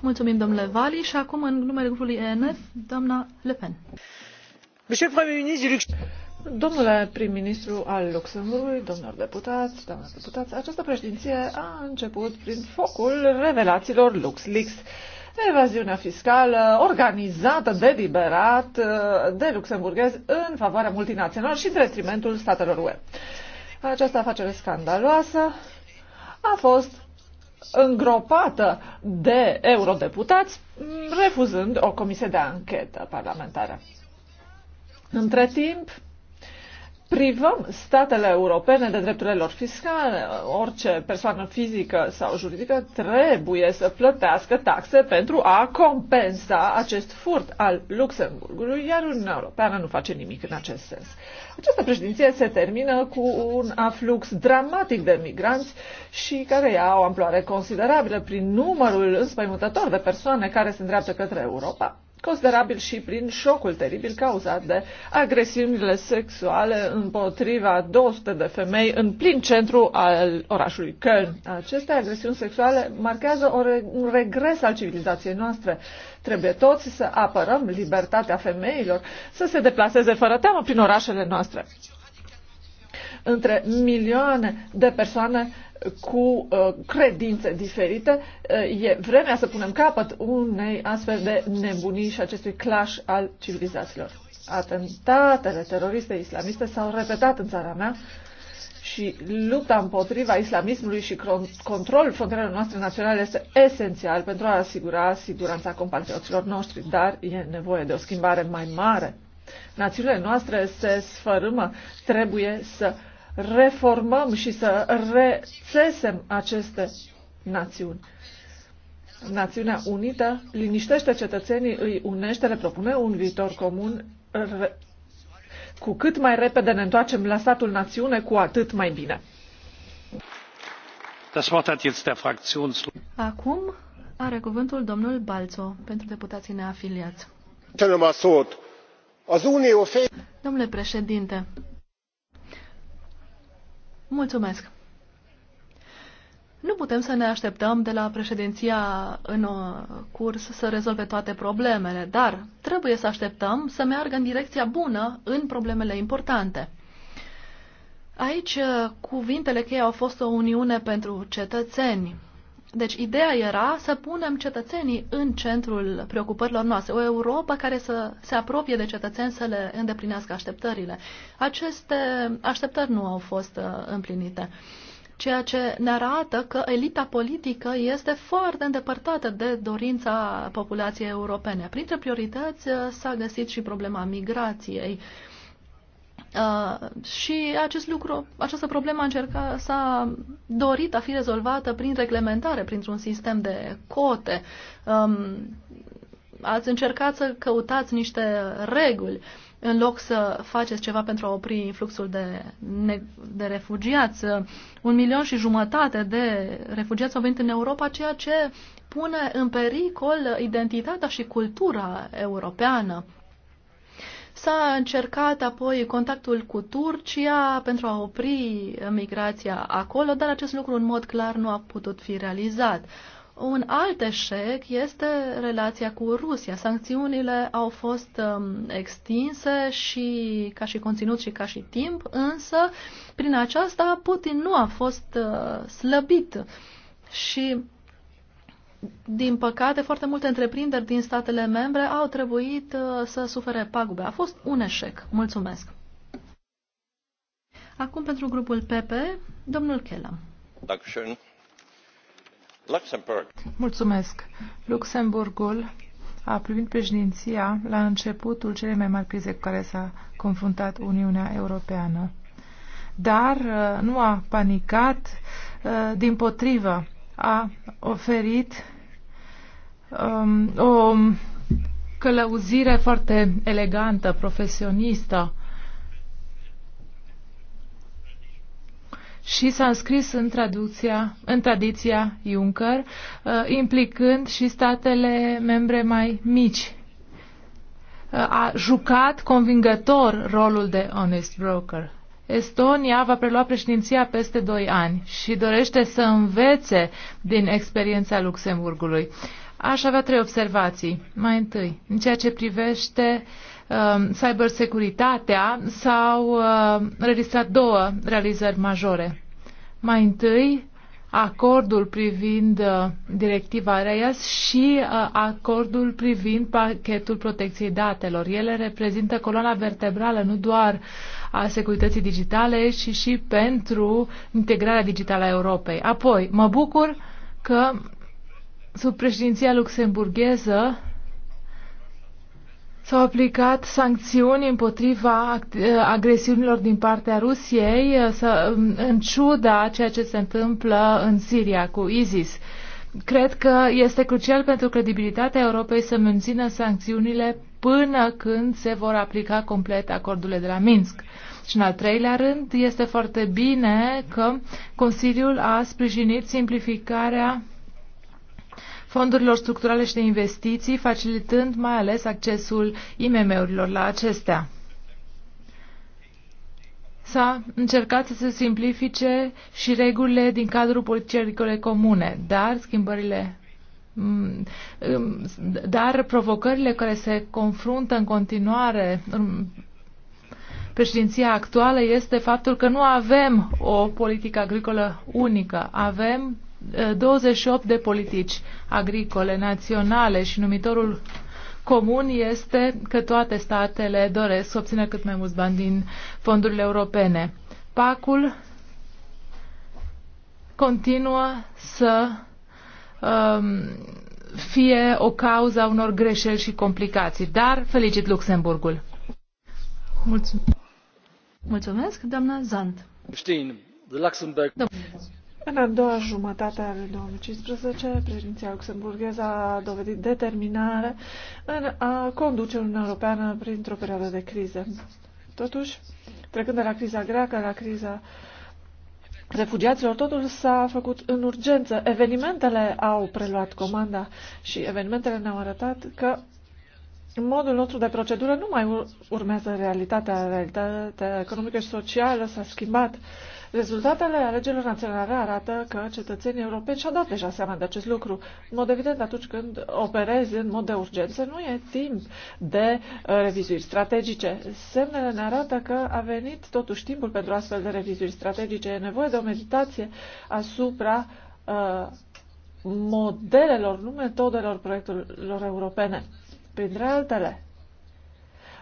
Mulțumim, domnule Vali. acum, în Domnule prim-ministru al Luxemburgului, domnilor deputați, doamnă deputat această președinție a început prin focul revelațiilor LuxLeaks. Evaziunea fiscală organizată, deliberat de luxemburghezi în favoarea multinațional și în detrimentul statelor UE. Această afacere scandaloasă a fost îngropată de eurodeputați, refuzând o comisie de anchetă parlamentară. Între timp, privăm statele europene de drepturile lor fiscale. Orice persoană fizică sau juridică trebuie să plătească taxe pentru a compensa acest furt al Luxemburgului, iar Uniunea Europeană nu face nimic în acest sens. Această președinție se termină cu un aflux dramatic de migranți și care ia o amploare considerabilă prin numărul înspăimântător de persoane care se îndreaptă către Europa, considerabil și prin șocul teribil cauzat de agresiunile sexuale împotriva 200 de femei în plin centru al orașului Köln. Aceste agresiuni sexuale marchează o re- un regres al civilizației noastre. Trebuie toți să apărăm libertatea femeilor să se deplaseze fără teamă prin orașele noastre între milioane de persoane cu uh, credințe diferite. Uh, e vremea să punem capăt unei astfel de nebunii și acestui clash al civilizațiilor. Atentatele teroriste islamiste s-au repetat în țara mea și lupta împotriva islamismului și controlul frontierelor noastre naționale este esențial pentru a asigura siguranța compatrioților noștri, dar e nevoie de o schimbare mai mare. Națiunile noastre se sfărâmă, trebuie să uh, reformăm și să rețesem aceste națiuni. Națiunea Unită liniștește cetățenii, îi unește, le propune un viitor comun. Cu cât mai repede ne întoarcem la statul națiune, cu atât mai bine. Acum are cuvântul domnul Balțo pentru deputații neafiliați. Domnule președinte, Mulțumesc! Nu putem să ne așteptăm de la președinția în uh, curs să rezolve toate problemele, dar trebuie să așteptăm să meargă în direcția bună în problemele importante. Aici uh, cuvintele cheie au fost o uniune pentru cetățeni, deci ideea era să punem cetățenii în centrul preocupărilor noastre, o Europa care să se apropie de cetățeni să le îndeplinească așteptările. Aceste așteptări nu au fost uh, împlinite ceea ce ne arată că elita politică este foarte îndepărtată de dorința populației europene. Printre priorități uh, s-a găsit și problema migrației. Uh, Uh, și acest lucru, această problemă a încerca, s-a dorit a fi rezolvată prin reglementare, printr-un sistem de cote. Um, ați încercat să căutați niște reguli în loc să faceți ceva pentru a opri fluxul de, de refugiați. Un milion și jumătate de refugiați au venit în Europa, ceea ce pune în pericol identitatea și cultura europeană. S-a încercat apoi contactul cu Turcia pentru a opri migrația acolo, dar acest lucru în mod clar nu a putut fi realizat. Un alt eșec este relația cu Rusia. Sancțiunile au fost um, extinse și ca și conținut și ca și timp, însă prin aceasta Putin nu a fost uh, slăbit. Și din păcate, foarte multe întreprinderi din statele membre au trebuit uh, să sufere pagube. A fost un eșec. Mulțumesc. Acum pentru grupul PP, domnul Kellam. Luxemburg. Mulțumesc. Luxemburgul a primit președinția la începutul celei mai mari crize cu care s-a confruntat Uniunea Europeană. Dar uh, nu a panicat, uh, din potrivă a oferit um, o călăuzire foarte elegantă, profesionistă și s-a înscris în, traducția, în tradiția Juncker, uh, implicând și statele membre mai mici. Uh, a jucat convingător rolul de honest broker. Estonia va prelua președinția peste doi ani și dorește să învețe din experiența Luxemburgului. Aș avea trei observații. Mai întâi, în ceea ce privește uh, cybersecuritatea, s-au uh, registrat două realizări majore. Mai întâi, acordul privind uh, directiva REIAS și uh, acordul privind pachetul protecției datelor. Ele reprezintă coloana vertebrală nu doar a securității digitale, ci și pentru integrarea digitală a Europei. Apoi, mă bucur că sub președinția luxemburgheză s-au aplicat sancțiuni împotriva agresiunilor din partea Rusiei, uh, um, în ciuda ceea ce se întâmplă în Siria cu ISIS. Cred că este crucial pentru credibilitatea Europei să mențină sancțiunile până când se vor aplica complet acordurile de la Minsk. Și în al treilea rând, este foarte bine că Consiliul a sprijinit simplificarea fondurilor structurale și de investiții, facilitând mai ales accesul IMM-urilor la acestea. S-a încercat să se simplifice și regulile din cadrul politicii agricole comune, dar schimbările dar provocările care se confruntă în continuare președinția actuală este faptul că nu avem o politică agricolă unică. Avem 28 de politici agricole naționale și numitorul comun este că toate statele doresc să obțină cât mai mulți bani din fondurile europene. Pacul continuă să um, fie o cauza unor greșeli și complicații, dar felicit Luxemburgul. Mulțumesc, Mulțumesc doamna Zand. Știin, de Luxemburg. Domnule. Da. În a doua jumătate a lui 2015, președinția luxemburgheză a dovedit determinare în a conduce Uniunea Europeană printr-o perioadă de criză. Totuși, trecând de la criza greacă la criza refugiaților, totul s-a făcut în urgență. Evenimentele au preluat comanda și evenimentele ne-au arătat că modul nostru de procedură nu mai urmează realitatea. Realitatea economică și socială s-a schimbat. Rezultatele alegerilor naționale arată că cetățenii europeni și-au dat deja seama de acest lucru. În mod evident, atunci când operezi în mod de urgență, nu e timp de uh, revizuiri strategice. Semnele ne arată că a venit totuși timpul pentru astfel de revizuiri strategice. E nevoie de o meditație asupra uh, modelelor, nu metodelor proiectelor europene printre altele.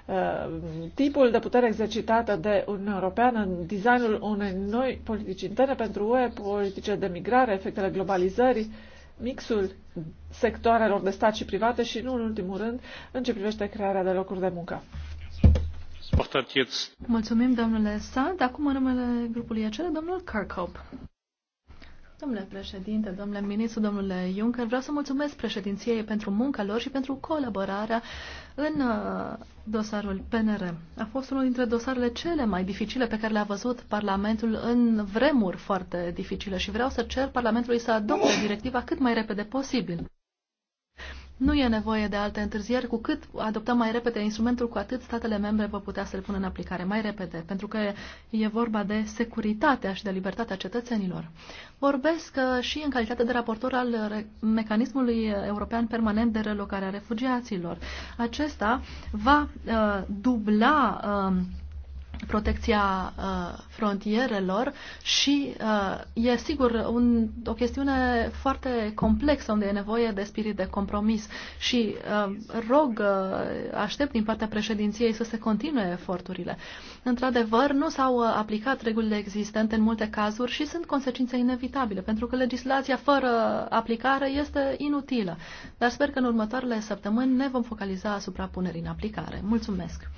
Uh, tipul de putere exercitată de Uniunea Europeană în designul unei noi politici interne pentru UE, politice de migrare, efectele globalizării, mixul sectoarelor de stat și private și, nu în ultimul rând, în ce privește crearea de locuri de muncă. Mulțumim, domnule Sand. Acum, în numele grupului acela, domnul Kirkhope. Domnule președinte, domnule ministru, domnule Juncker, vreau să mulțumesc președinției pentru munca lor și pentru colaborarea în uh, dosarul PNR. A fost unul dintre dosarele cele mai dificile pe care le-a văzut Parlamentul în vremuri foarte dificile și vreau să cer Parlamentului să adopte directiva cât mai repede posibil. Nu e nevoie de alte întârzieri. Cu cât adoptăm mai repede instrumentul, cu atât statele membre vă putea să-l pună în aplicare mai repede, pentru că e vorba de securitatea și de libertatea cetățenilor. Vorbesc uh, și în calitate de raportor al uh, mecanismului uh, european permanent de relocare a refugiaților. Acesta va dubla um, protecția uh, frontierelor și uh, e sigur un, o chestiune foarte complexă unde e nevoie de spirit de compromis și uh, rog, uh, aștept din partea președinției să se continue eforturile. Într-adevăr, nu s-au uh, aplicat regulile existente în multe cazuri și sunt consecințe inevitabile, pentru că legislația fără aplicare este inutilă. Dar sper că în următoarele săptămâni ne vom focaliza asupra punerii în aplicare. Mulțumesc!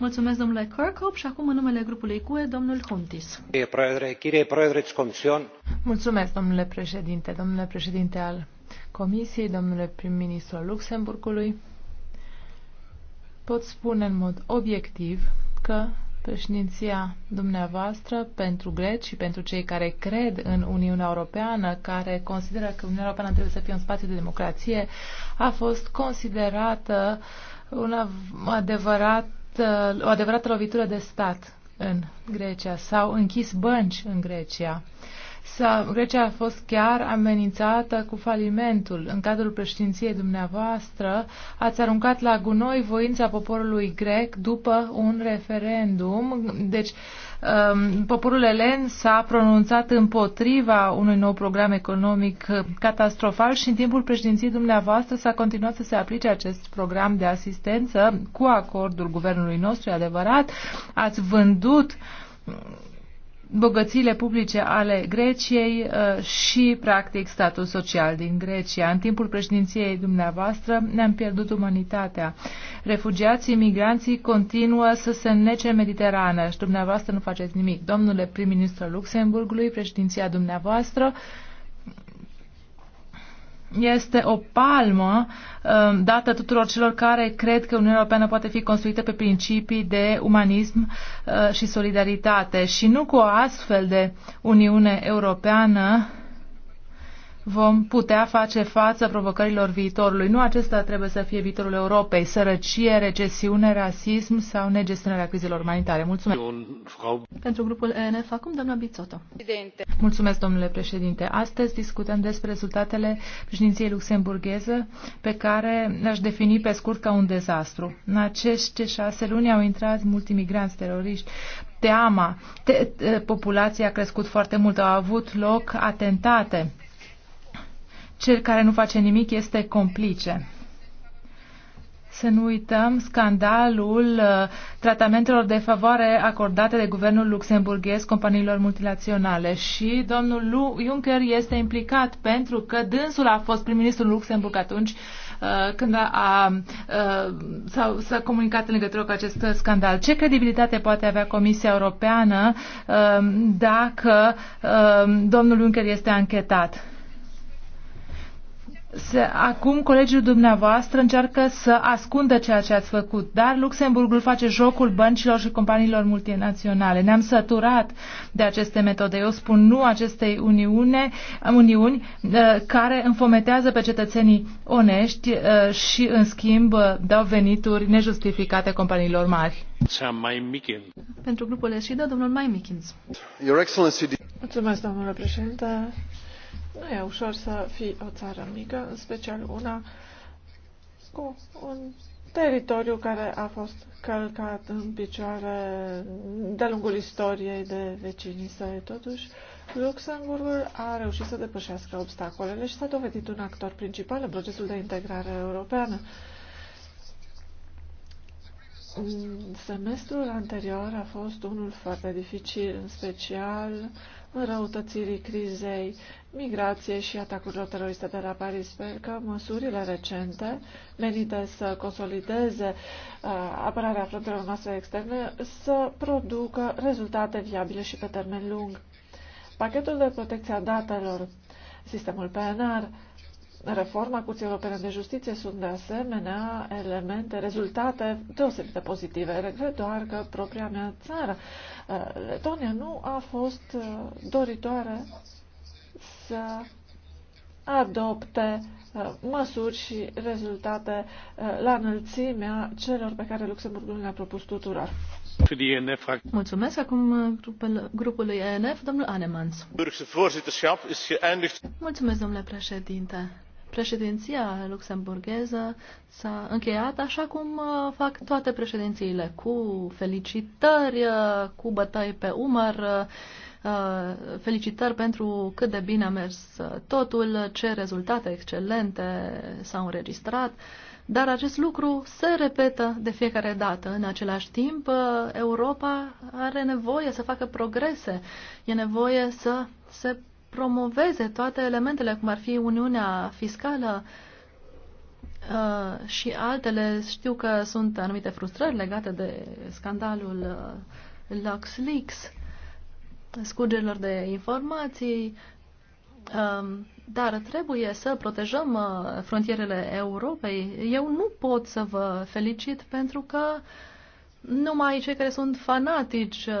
Mulțumesc, domnule Kirkhope, și acum în numele grupului CUE, domnul Huntis. Mulțumesc, domnule președinte, domnule președinte al Comisiei, domnule prim-ministru al Luxemburgului. Pot spune în mod obiectiv că președinția dumneavoastră pentru greci și pentru cei care cred în Uniunea Europeană, care consideră că Uniunea Europeană trebuie să fie un spațiu de democrație, a fost considerată un adevărat Uh, o adevărată lovitură de stat în Grecia. S-au închis bănci în Grecia. Grecia a fost chiar amenințată cu falimentul. În cadrul președinției dumneavoastră ați aruncat la gunoi voința poporului grec după un referendum. Deci, um, poporul elen s-a pronunțat împotriva unui nou program economic catastrofal și în timpul președinției dumneavoastră s-a continuat să se aplice acest program de asistență cu acordul guvernului nostru, e adevărat. Ați vândut bogățiile publice ale Greciei uh, și, practic, statul social din Grecia. În timpul președinției dumneavoastră ne-am pierdut umanitatea. Refugiații, migranții continuă să se nece mediterană și dumneavoastră nu faceți nimic. Domnule prim-ministru Luxemburgului, președinția dumneavoastră, este o palmă um, dată tuturor celor care cred că Uniunea Europeană poate fi construită pe principii de umanism uh, și solidaritate și nu cu o astfel de Uniune Europeană vom putea face față provocărilor viitorului. Nu acesta trebuie să fie viitorul Europei, sărăcie, recesiune, rasism sau negestionarea crizelor umanitare. Mulțumesc. Pentru grupul ENF, acum doamna Bizzotto. Mulțumesc, domnule președinte. Astăzi discutăm despre rezultatele președinției luxemburgheze, pe care aș defini pe scurt ca un dezastru. În aceste șase luni au intrat multimigranți teroriști, teama, te, te, populația a crescut foarte mult, au avut loc atentate cel care nu face nimic este complice. Să nu uităm scandalul uh, tratamentelor de favoare acordate de guvernul luxemburghez companiilor multinaționale și domnul Juncker este implicat pentru că dânsul a fost prim-ministrul Luxemburg atunci uh, când a, a, uh, a s-a comunicat în legătură cu acest scandal. Ce credibilitate poate avea Comisia Europeană dacă domnul Juncker este anchetat? se, acum colegiul dumneavoastră încearcă să ascundă ceea ce ați făcut, dar Luxemburgul face jocul băncilor și companiilor multinaționale. Ne-am săturat de aceste metode. Eu spun nu acestei uniune, uniuni uh, care înfometează pe cetățenii onești uh, și, în schimb, uh, dau venituri nejustificate companiilor mari. Pentru grupul Eșida, domnul Mai Mikins. Mulțumesc, domnule președinte. Nu e ușor să fii o țară mică, în special una cu un teritoriu care a fost călcat în picioare de-a lungul istoriei de vecinii săi. Totuși, Luxemburgul a reușit să depășească obstacolele și s-a dovedit un actor principal în procesul de integrare europeană. Semestrul anterior a fost unul foarte dificil, în special uh, înrăutățirii crizei, migrației și atacurilor teroriste de la Paris. Sper că măsurile recente menite să consolideze uh, apărarea frontelor noastre externe să producă rezultate viabile și pe termen lung. Pachetul de protecție a datelor, sistemul PNR, reforma Curții Europene de Justiție sunt de asemenea elemente, rezultate deosebit de pozitive. Regret doar că propria mea țară, uh, Letonia, nu a fost uh, doritoare să adopte uh, măsuri și rezultate la înălțimea celor pe care Luxemburgul le-a propus tuturor. Mulțumesc. Acum grupul, grupului ENF, domnul Anemans. Mulțumesc, domnule președinte. Președinția luxemburgheză s-a încheiat așa cum uh, fac toate președințiile, cu felicitări, uh, cu bătăi pe umăr, uh, felicitări pentru cât de bine a mers totul, ce rezultate excelente s-au înregistrat. Dar acest lucru se repetă de fiecare dată. În același timp, Europa are nevoie să facă progrese, e nevoie să se promoveze toate elementele, cum ar fi Uniunea Fiscală uh, și altele. Știu că sunt anumite frustrări legate de scandalul uh, LuxLeaks, scurgerilor de informații, um, dar trebuie să protejăm uh, frontierele Europei. Eu nu pot să vă felicit pentru că uh, numai cei care sunt fanatici, uh,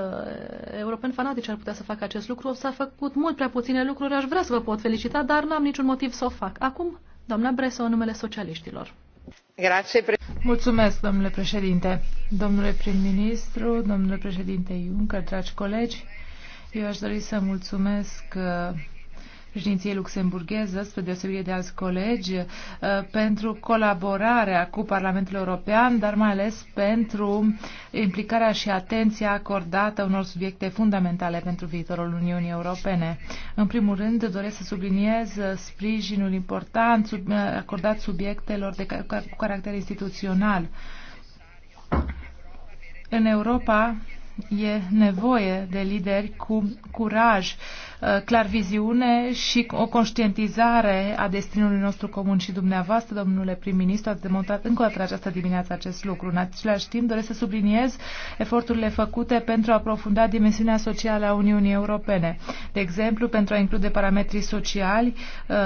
europeni fanatici ar putea să facă acest lucru. S-a făcut mult prea puține lucruri, aș vrea să vă pot felicita, dar n-am niciun motiv să o fac. Acum, doamna Breso, în numele socialiștilor. Mulțumesc, domnule președinte, domnule prim-ministru, domnule președinte Juncker, dragi colegi. Eu aș dori să mulțumesc uh, președinției luxemburgheză, spre deosebire de alți colegi, uh, pentru colaborarea cu Parlamentul European, dar mai ales pentru implicarea și atenția acordată unor subiecte fundamentale pentru viitorul Uniunii Europene. În primul rând, doresc să subliniez sprijinul important uh, acordat subiectelor de, cu caracter instituțional. În Europa, e nevoie de lideri cu curaj Uh, clar viziune și o conștientizare a destinului nostru comun și dumneavoastră, domnule prim-ministru, ați demonstrat încă o dată această dimineață acest lucru. În același timp, doresc să subliniez eforturile făcute pentru a aprofunda dimensiunea socială a Uniunii Europene. De exemplu, pentru a include parametrii sociali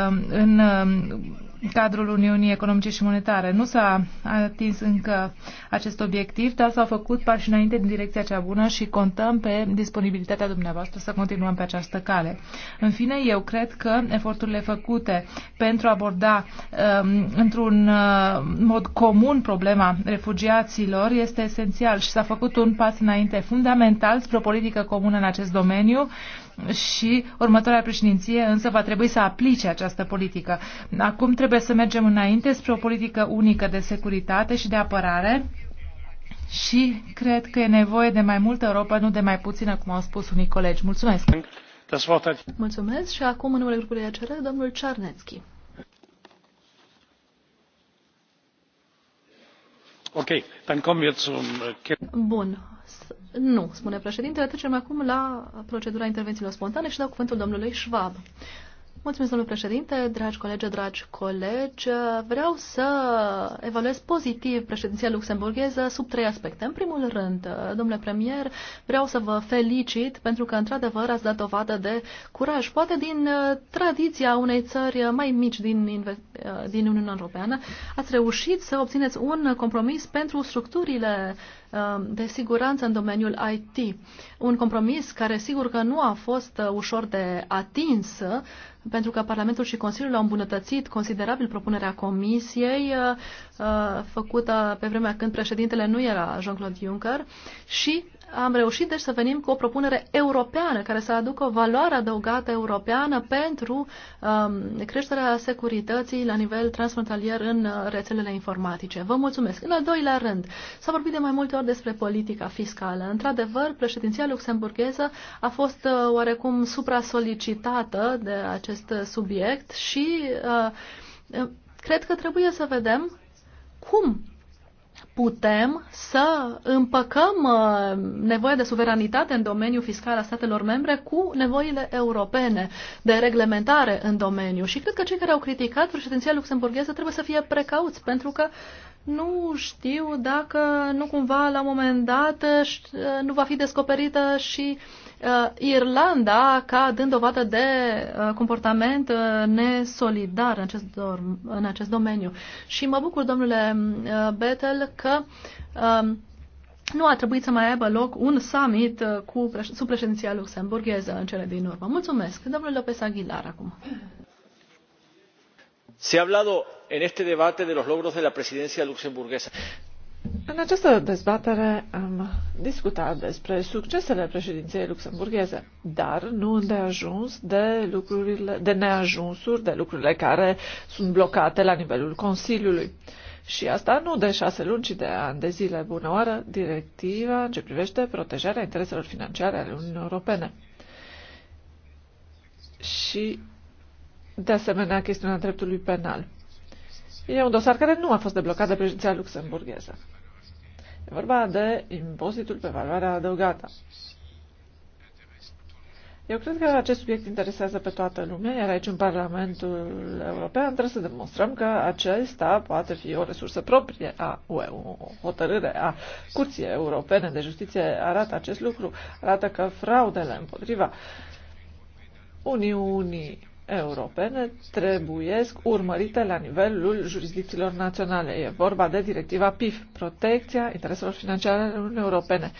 um, în um, cadrul Uniunii Economice și Monetare. Nu s-a atins încă acest obiectiv, dar s-au făcut pași înainte în direcția cea bună și contăm pe disponibilitatea dumneavoastră să continuăm pe această cale. În fine, eu cred că eforturile făcute pentru a aborda um, într-un uh, mod comun problema refugiaților este esențial și s-a făcut un pas înainte fundamental spre o politică comună în acest domeniu. Uh, și următoarea președinție însă va trebui să aplice această politică. Acum trebuie să mergem înainte spre o politică unică de securitate și de apărare și cred că e nevoie de mai multă Europa, nu de mai puțină, cum au spus unii colegi. Mulțumesc! Mulțumesc și acum în numele grupului ACR, domnul Cernețchi. Okay, dann äh, Nu, spune președintele. Trecem acum la procedura intervențiilor spontane și dau cuvântul domnului Schwab. Mulțumesc, domnule președinte, dragi colegi, dragi colegi. Vreau să evaluez pozitiv președinția luxemburgheză sub trei aspecte. În primul rând, domnule premier, vreau să vă felicit pentru că, într-adevăr, ați dat dovadă de curaj, poate din uh, tradiția unei țări mai mici din, uh, din Uniunea Europeană. Ați reușit să obțineți un compromis pentru structurile uh, de siguranță în domeniul IT. Un compromis care sigur că nu a fost ușor de atins, pentru că Parlamentul și Consiliul au îmbunătățit considerabil propunerea Comisiei uh, uh, făcută pe vremea când președintele nu era Jean-Claude Juncker și am reușit deci să venim cu o propunere europeană care să aducă o valoare adăugată europeană pentru um, creșterea securității la nivel transfrontalier în uh, rețelele informatice. Vă mulțumesc. În al doilea rând, s-a vorbit de mai multe ori despre politica fiscală. Într-adevăr, președinția luxemburgheză a fost uh, oarecum supra-solicitată de acest subiect și uh, uh cred că trebuie să vedem cum putem să împăcăm uh, nevoia de suveranitate în domeniul fiscal a statelor membre cu nevoile europene de reglementare în domeniu. Și cred că cei care au criticat președinția luxemburgheză trebuie să fie precauți, pentru că nu știu dacă nu cumva la un moment dat nu va fi descoperită și uh, uh, Irlanda ca dând dovadă de uh, comportament uh, nesolidar în acest, în acest domeniu. Și mă bucur, domnule uh, Bettel, că uh, nu a trebuit să mai aibă loc un summit uh, cu, sub președinția luxemburgheză în cele din urmă. Mulțumesc. Domnul Lopez Aguilar acum. Se ha hablado en este debate de los logros de la presidencia luxemburguesa. În această dezbatere am discutat despre succesele președinției luxemburgheze, dar nu ajuns de, lucrurile, de neajunsuri, de lucrurile care sunt blocate la nivelul Consiliului. Și asta nu de șase luni, ci de ani de zile. Bună oară, directiva în ce privește protejarea intereselor financiare ale Uniunii Europene. Și, de asemenea, chestiunea dreptului penal. E un dosar care nu a fost deblocat de președinția luxemburgheză. E vorba de impozitul pe valoarea adăugată. Eu cred că acest subiect interesează pe toată lumea, iar aici în Parlamentul European trebuie să demonstrăm că acesta poate fi o resursă proprie a UE. O hotărâre a Curții Europene de Justiție arată acest lucru, arată că fraudele împotriva Uniunii europene trebuie urmărite la nivelul jurisdicțiilor naționale. E vorba de directiva PIF, protecția intereselor financiare ale Uniunii Europene.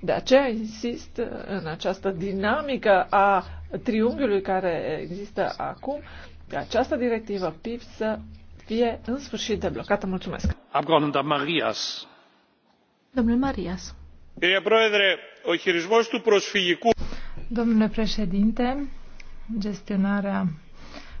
De aceea insist în această dinamică a triunghiului care există acum, De această directivă PIF să fie în sfârșit deblocată. Mulțumesc. Abgeordneter Marias. Domnul Marias. Domnule președinte, gestionarea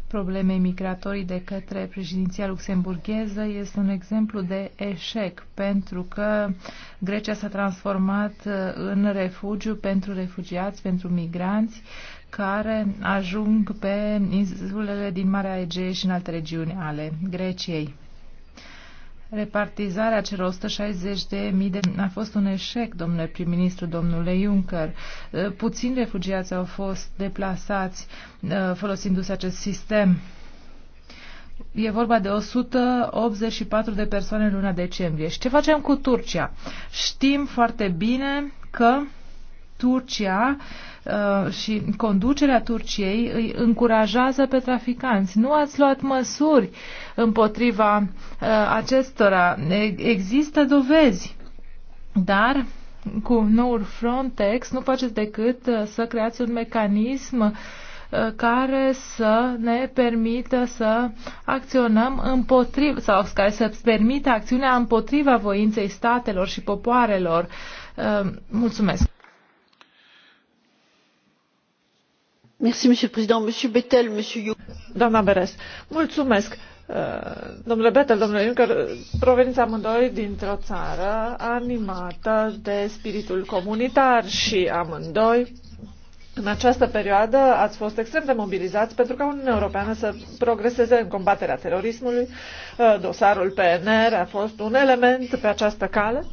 problemei migratorii de către președinția luxemburgheză este un exemplu de eșec, pentru că Grecia s-a transformat uh, în refugiu pentru refugiați, pentru migranți care ajung pe insulele din Marea Egee și în alte regiuni ale Greciei. Repartizarea celor 160 de mii de... a fost un eșec, domnule prim-ministru, domnule Juncker. Uh, puțini refugiați au fost deplasați uh, folosindu-se acest sistem. E vorba de 184 de persoane în luna decembrie. Și ce facem cu Turcia? Știm foarte bine că Turcia uh, Uh, și conducerea Turciei îi încurajează pe traficanți. Nu ați luat măsuri împotriva uh, acestora. Există dovezi, dar cu noul Frontex nu faceți decât uh, să creați un mecanism care să ne permită să acționăm împotriva sau care să permită acțiunea împotriva voinței statelor și popoarelor. Mulțumesc! doamnă bers mulțumesc uh, domnule bettel domnule juncker proveniți amândoi dintr o țară animată de spiritul comunitar și amândoi în această perioadă ați fost extrem de mobilizați pentru ca Uniunea Europeană să progreseze în combaterea terorismului. Uh, dosarul PNR a fost un element pe această cale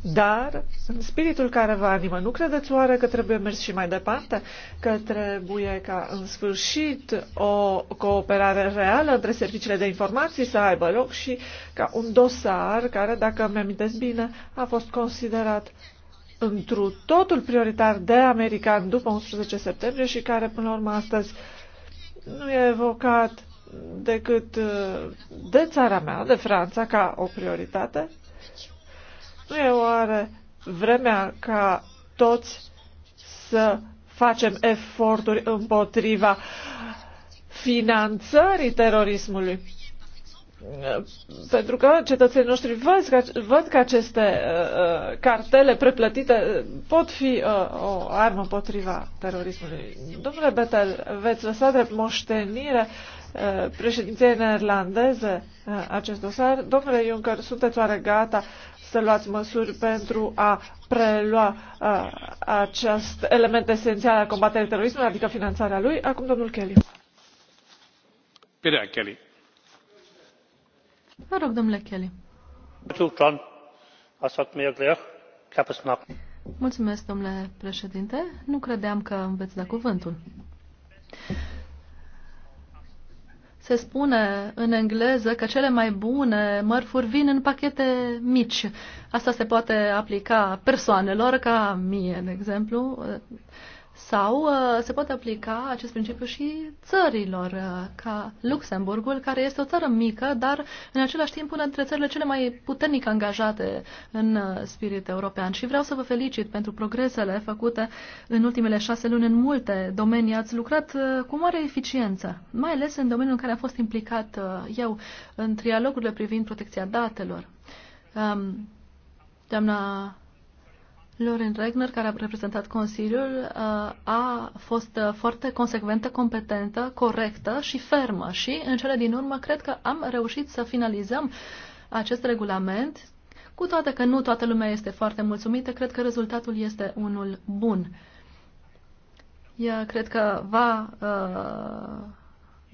dar, în spiritul care vă animă, nu credeți oare că trebuie mers și mai departe? Că trebuie ca, în sfârșit, o cooperare reală între serviciile de informații să aibă loc și ca un dosar care, dacă îmi amintesc bine, a fost considerat întru totul prioritar de american după 11 septembrie și care, până la urmă, astăzi nu e evocat decât uh, de țara mea, de Franța, ca o prioritate, nu e oare vremea ca toți să facem eforturi împotriva finanțării terorismului? Pentru că cetățenii noștri văd că, văd că aceste uh, uh cartele preplătite pot fi uh, o armă împotriva terorismului. Domnule Betel, veți lăsa de moștenire uh, președinției neerlandeze uh, acest dosar? Domnule Juncker, sunteți oare gata să luați măsuri pentru a prelua a, acest element esențial al combaterii terorismului, adică finanțarea lui. Acum domnul Kelly. Pirea Kelly. Vă rog, domnule Kelly. Mulțumesc, domnule președinte. Nu credeam că îmi veți da cuvântul se spune în engleză că cele mai bune mărfuri vin în pachete mici. Asta se poate aplica persoanelor, ca mie, de exemplu sau uh, se poate aplica acest principiu și țărilor, uh, ca Luxemburgul, care este o țară mică, dar în același timp una dintre țările cele mai puternic angajate în uh, spirit european. Și vreau să vă felicit pentru progresele făcute în ultimele șase luni în multe domenii. Ați lucrat cu mare eficiență, mai ales în domeniul în care am fost implicat eu, în trialogurile privind protecția datelor. Um, doamna Loren Regner, care a reprezentat Consiliul, uh, a fost uh, foarte consecventă, competentă, corectă și fermă și, în cele din urmă, cred că am reușit să finalizăm acest regulament, cu toate că nu toată lumea este foarte mulțumită, cred că rezultatul este unul bun. Ea cred că va uh,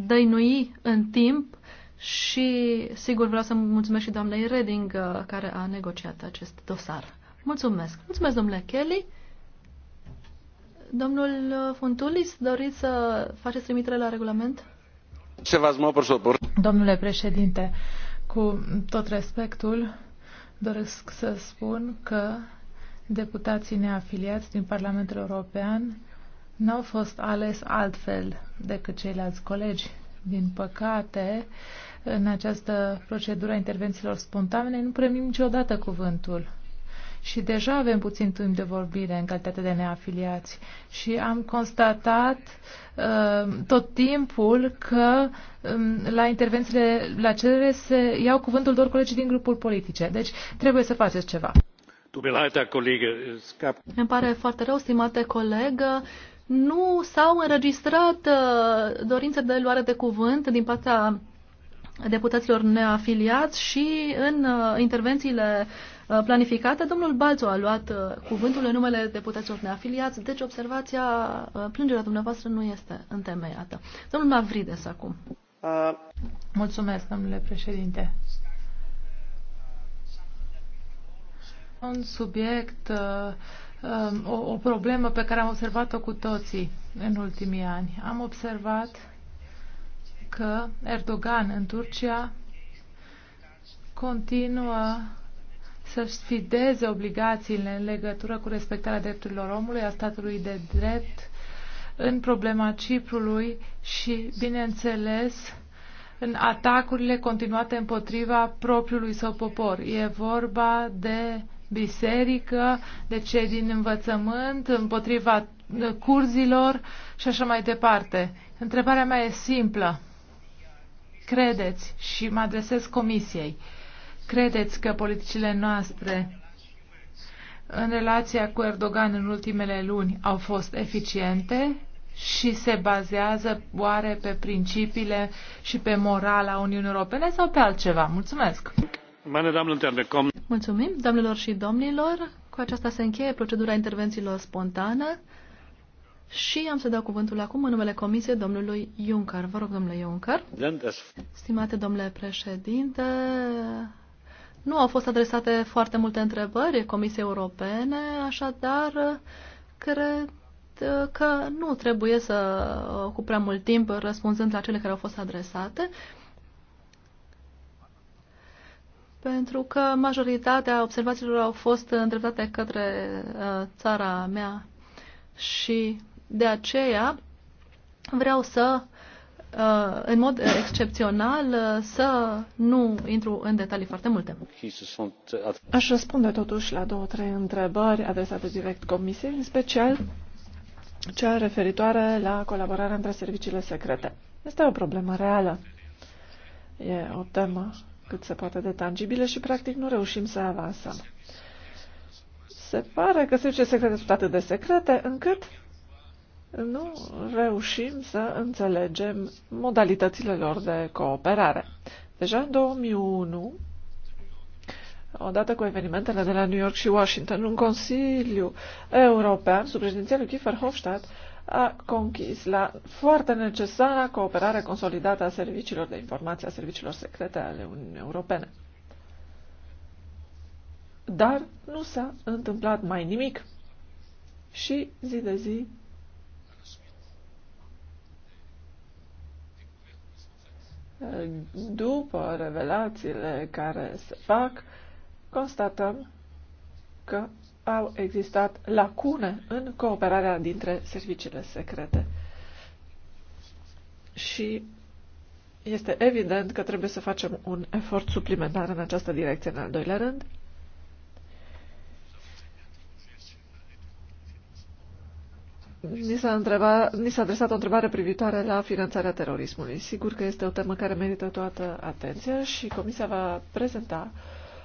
dăinui în timp și, sigur, vreau să mulțumesc și doamnei Reding, uh, care a negociat acest dosar. Mulțumesc. Mulțumesc, domnule Kelly. Domnul uh, Funtulis, doriți să faceți trimitere la regulament? Ce v-ați Domnule președinte, cu tot respectul, doresc să spun că deputații neafiliați din Parlamentul European n-au fost ales altfel decât ceilalți colegi. Din păcate, în această procedură a intervențiilor spontane nu primim niciodată cuvântul și deja avem puțin timp de vorbire în calitate de neafiliați și am constatat uh, tot timpul că um, la intervențiile la cerere se iau cuvântul doar colegii din grupul politice. Deci trebuie să faceți ceva. Îmi pare foarte rău, stimate colegă. Nu s-au înregistrat uh, dorințe de luare de cuvânt din partea deputaților neafiliați și în uh, intervențiile uh, Uh, planificată, Domnul Balțu a luat uh, cuvântul în numele deputaților neafiliați, deci observația, uh, plângerea dumneavoastră nu este întemeiată. Domnul Mavrides acum. Mulțumesc, domnule președinte. Un subiect, o, o problemă pe care am observat-o cu toții în ultimii ani. Am observat că Erdogan în Turcia continuă să sfideze obligațiile în legătură cu respectarea drepturilor omului, a statului de drept, în problema Ciprului și, bineînțeles, în atacurile continuate împotriva propriului său popor. E vorba de biserică, de cei din învățământ, împotriva curzilor și așa mai departe. Întrebarea mea e simplă. Credeți și mă adresez comisiei. Credeți că politicile noastre în relația cu Erdogan în ultimele luni au fost eficiente și se bazează oare pe principiile și pe morala Uniunii Europene sau pe altceva? Mulțumesc! Mulțumim, doamnelor și domnilor! Cu aceasta se încheie procedura intervențiilor spontane și am să dau cuvântul acum în numele Comisiei domnului Juncker. Vă rog, domnule Juncker. Stimate domnule președinte, nu au fost adresate foarte multe întrebări Comisiei Europene, așadar cred uh, că nu trebuie să ocup prea mult timp răspunzând la cele care au fost adresate, pentru că majoritatea observațiilor au fost îndreptate către uh, țara mea și de aceea vreau să Uh, în mod uh, excepțional uh, să nu intru în detalii foarte multe. Aș răspunde totuși la două, trei întrebări adresate direct Comisiei, în special cea referitoare la colaborarea între serviciile secrete. Este o problemă reală. E o temă cât se poate de tangibilă și practic nu reușim să avansăm. Se pare că serviciile secrete sunt atât de secrete încât nu reușim să înțelegem modalitățile lor de cooperare. Deja în 2001, odată cu evenimentele de la New York și Washington, un Consiliu European sub președinția lui Kiefer Hofstadt a conchis la foarte necesară cooperare consolidată a serviciilor de informație, a serviciilor secrete ale Uniunii Europene. Dar nu s-a întâmplat mai nimic și zi de zi după revelațiile care se fac, constatăm că au existat lacune în cooperarea dintre serviciile secrete. Și este evident că trebuie să facem un efort suplimentar în această direcție, în al doilea rând. Ni s-a, ni s-a adresat o întrebare privitoare la finanțarea terorismului. Sigur că este o temă care merită toată atenția și Comisia va prezenta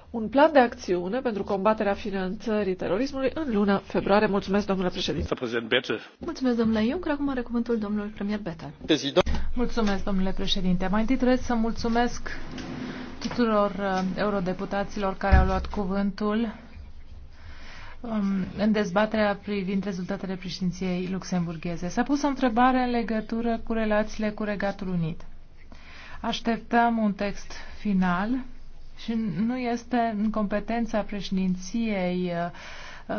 un plan de acțiune pentru combaterea finanțării terorismului în luna februarie. Mulțumesc, domnule președinte. Mulțumesc, domnule Juncker. Acum are cuvântul domnul premier Beta. Mulțumesc, domnule președinte. Mai întâi trebuie să mulțumesc tuturor uh, eurodeputaților care au luat cuvântul Um, în dezbaterea privind rezultatele președinției luxemburgheze. S-a pus o întrebare în legătură cu relațiile cu Regatul Unit. Așteptăm un text final și nu este în competența președinției uh,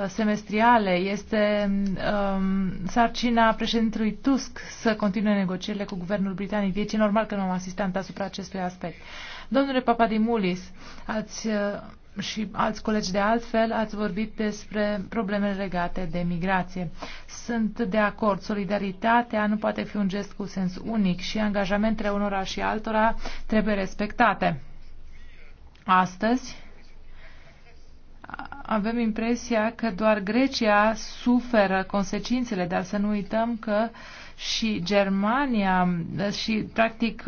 uh, semestriale, este um, sarcina președintelui Tusk să continue negocierile cu guvernul britanic. E normal că nu am asistat asupra acestui aspect. Domnule Papadimulis, ați uh, și alți colegi de altfel ați vorbit despre problemele legate de migrație. Sunt de acord, solidaritatea nu poate fi un gest cu sens unic și angajamentele unora și altora trebuie respectate. Astăzi avem impresia că doar Grecia suferă consecințele, dar să nu uităm că și Germania și practic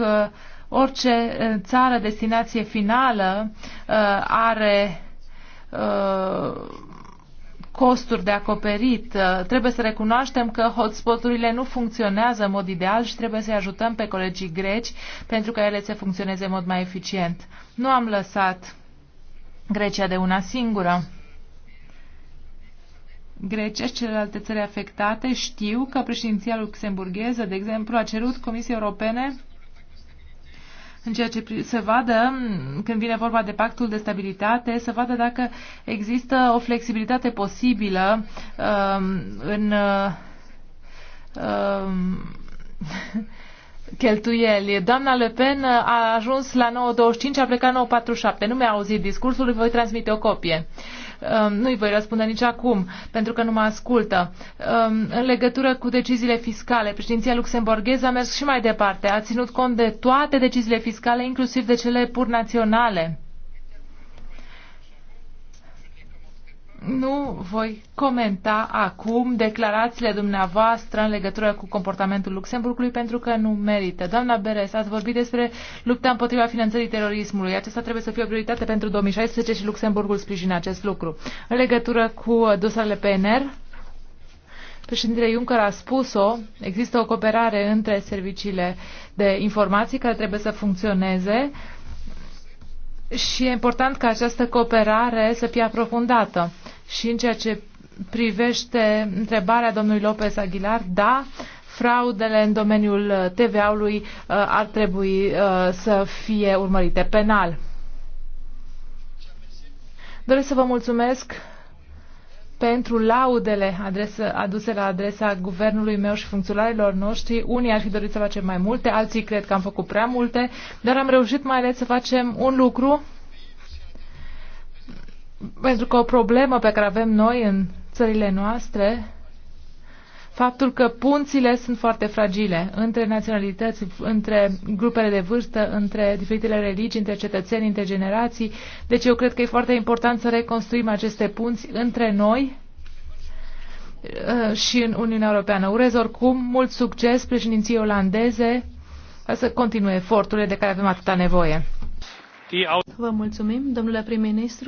Orice eh, țară destinație finală eh, are eh, costuri de acoperit. Trebuie să recunoaștem că hotspoturile nu funcționează în mod ideal și trebuie să-i ajutăm pe colegii greci pentru ca ele să funcționeze în mod mai eficient. Nu am lăsat Grecia de una singură. Grecia și celelalte țări afectate știu că președinția luxemburgheză, de exemplu, a cerut Comisiei Europene în ceea ce se vadă, când vine vorba de pactul de stabilitate, să vadă dacă există o flexibilitate posibilă uh, în uh, um, cheltuieli. Doamna Le Pen a ajuns la 9.25, a plecat 9.47. Nu mi-a auzit discursul, îi voi transmite o copie. Um, nu îi voi răspunde nici acum, pentru că nu mă ascultă. Um, în legătură cu deciziile fiscale, președinția luxemburgheză a mers și mai departe. A ținut cont de toate deciziile fiscale, inclusiv de cele pur naționale nu voi comenta acum declarațiile dumneavoastră în legătură cu comportamentul Luxemburgului pentru că nu merită. Doamna Beres, ați vorbit despre lupta împotriva finanțării terorismului. Aceasta trebuie să fie o prioritate pentru 2016 și Luxemburgul sprijină acest lucru. În legătură cu uh, dosarele PNR, președintele Juncker a spus-o, există o cooperare între serviciile de informații care trebuie să funcționeze. Uh, și e important ca această cooperare să fie aprofundată. Și în ceea ce privește întrebarea domnului Lopez Aguilar, da, fraudele în domeniul uh, TVA-ului uh, ar trebui uh, să fie urmărite penal. Doresc să vă mulțumesc pentru laudele adresă, aduse la adresa guvernului meu și funcționarilor noștri. Unii ar fi dorit să facem mai multe, alții cred că am făcut prea multe, dar am reușit mai ales să facem un lucru pentru că o problemă pe care avem noi în țările noastre faptul că punțile sunt foarte fragile între naționalități, între grupele de vârstă, între diferitele religii, între cetățeni, între generații. Deci eu cred că e foarte important să reconstruim aceste punți între noi uh, și în Uniunea Europeană. Urez oricum mult succes președinției olandeze ca să continue eforturile de care avem atâta nevoie. Vă mulțumim, domnule prim-ministru.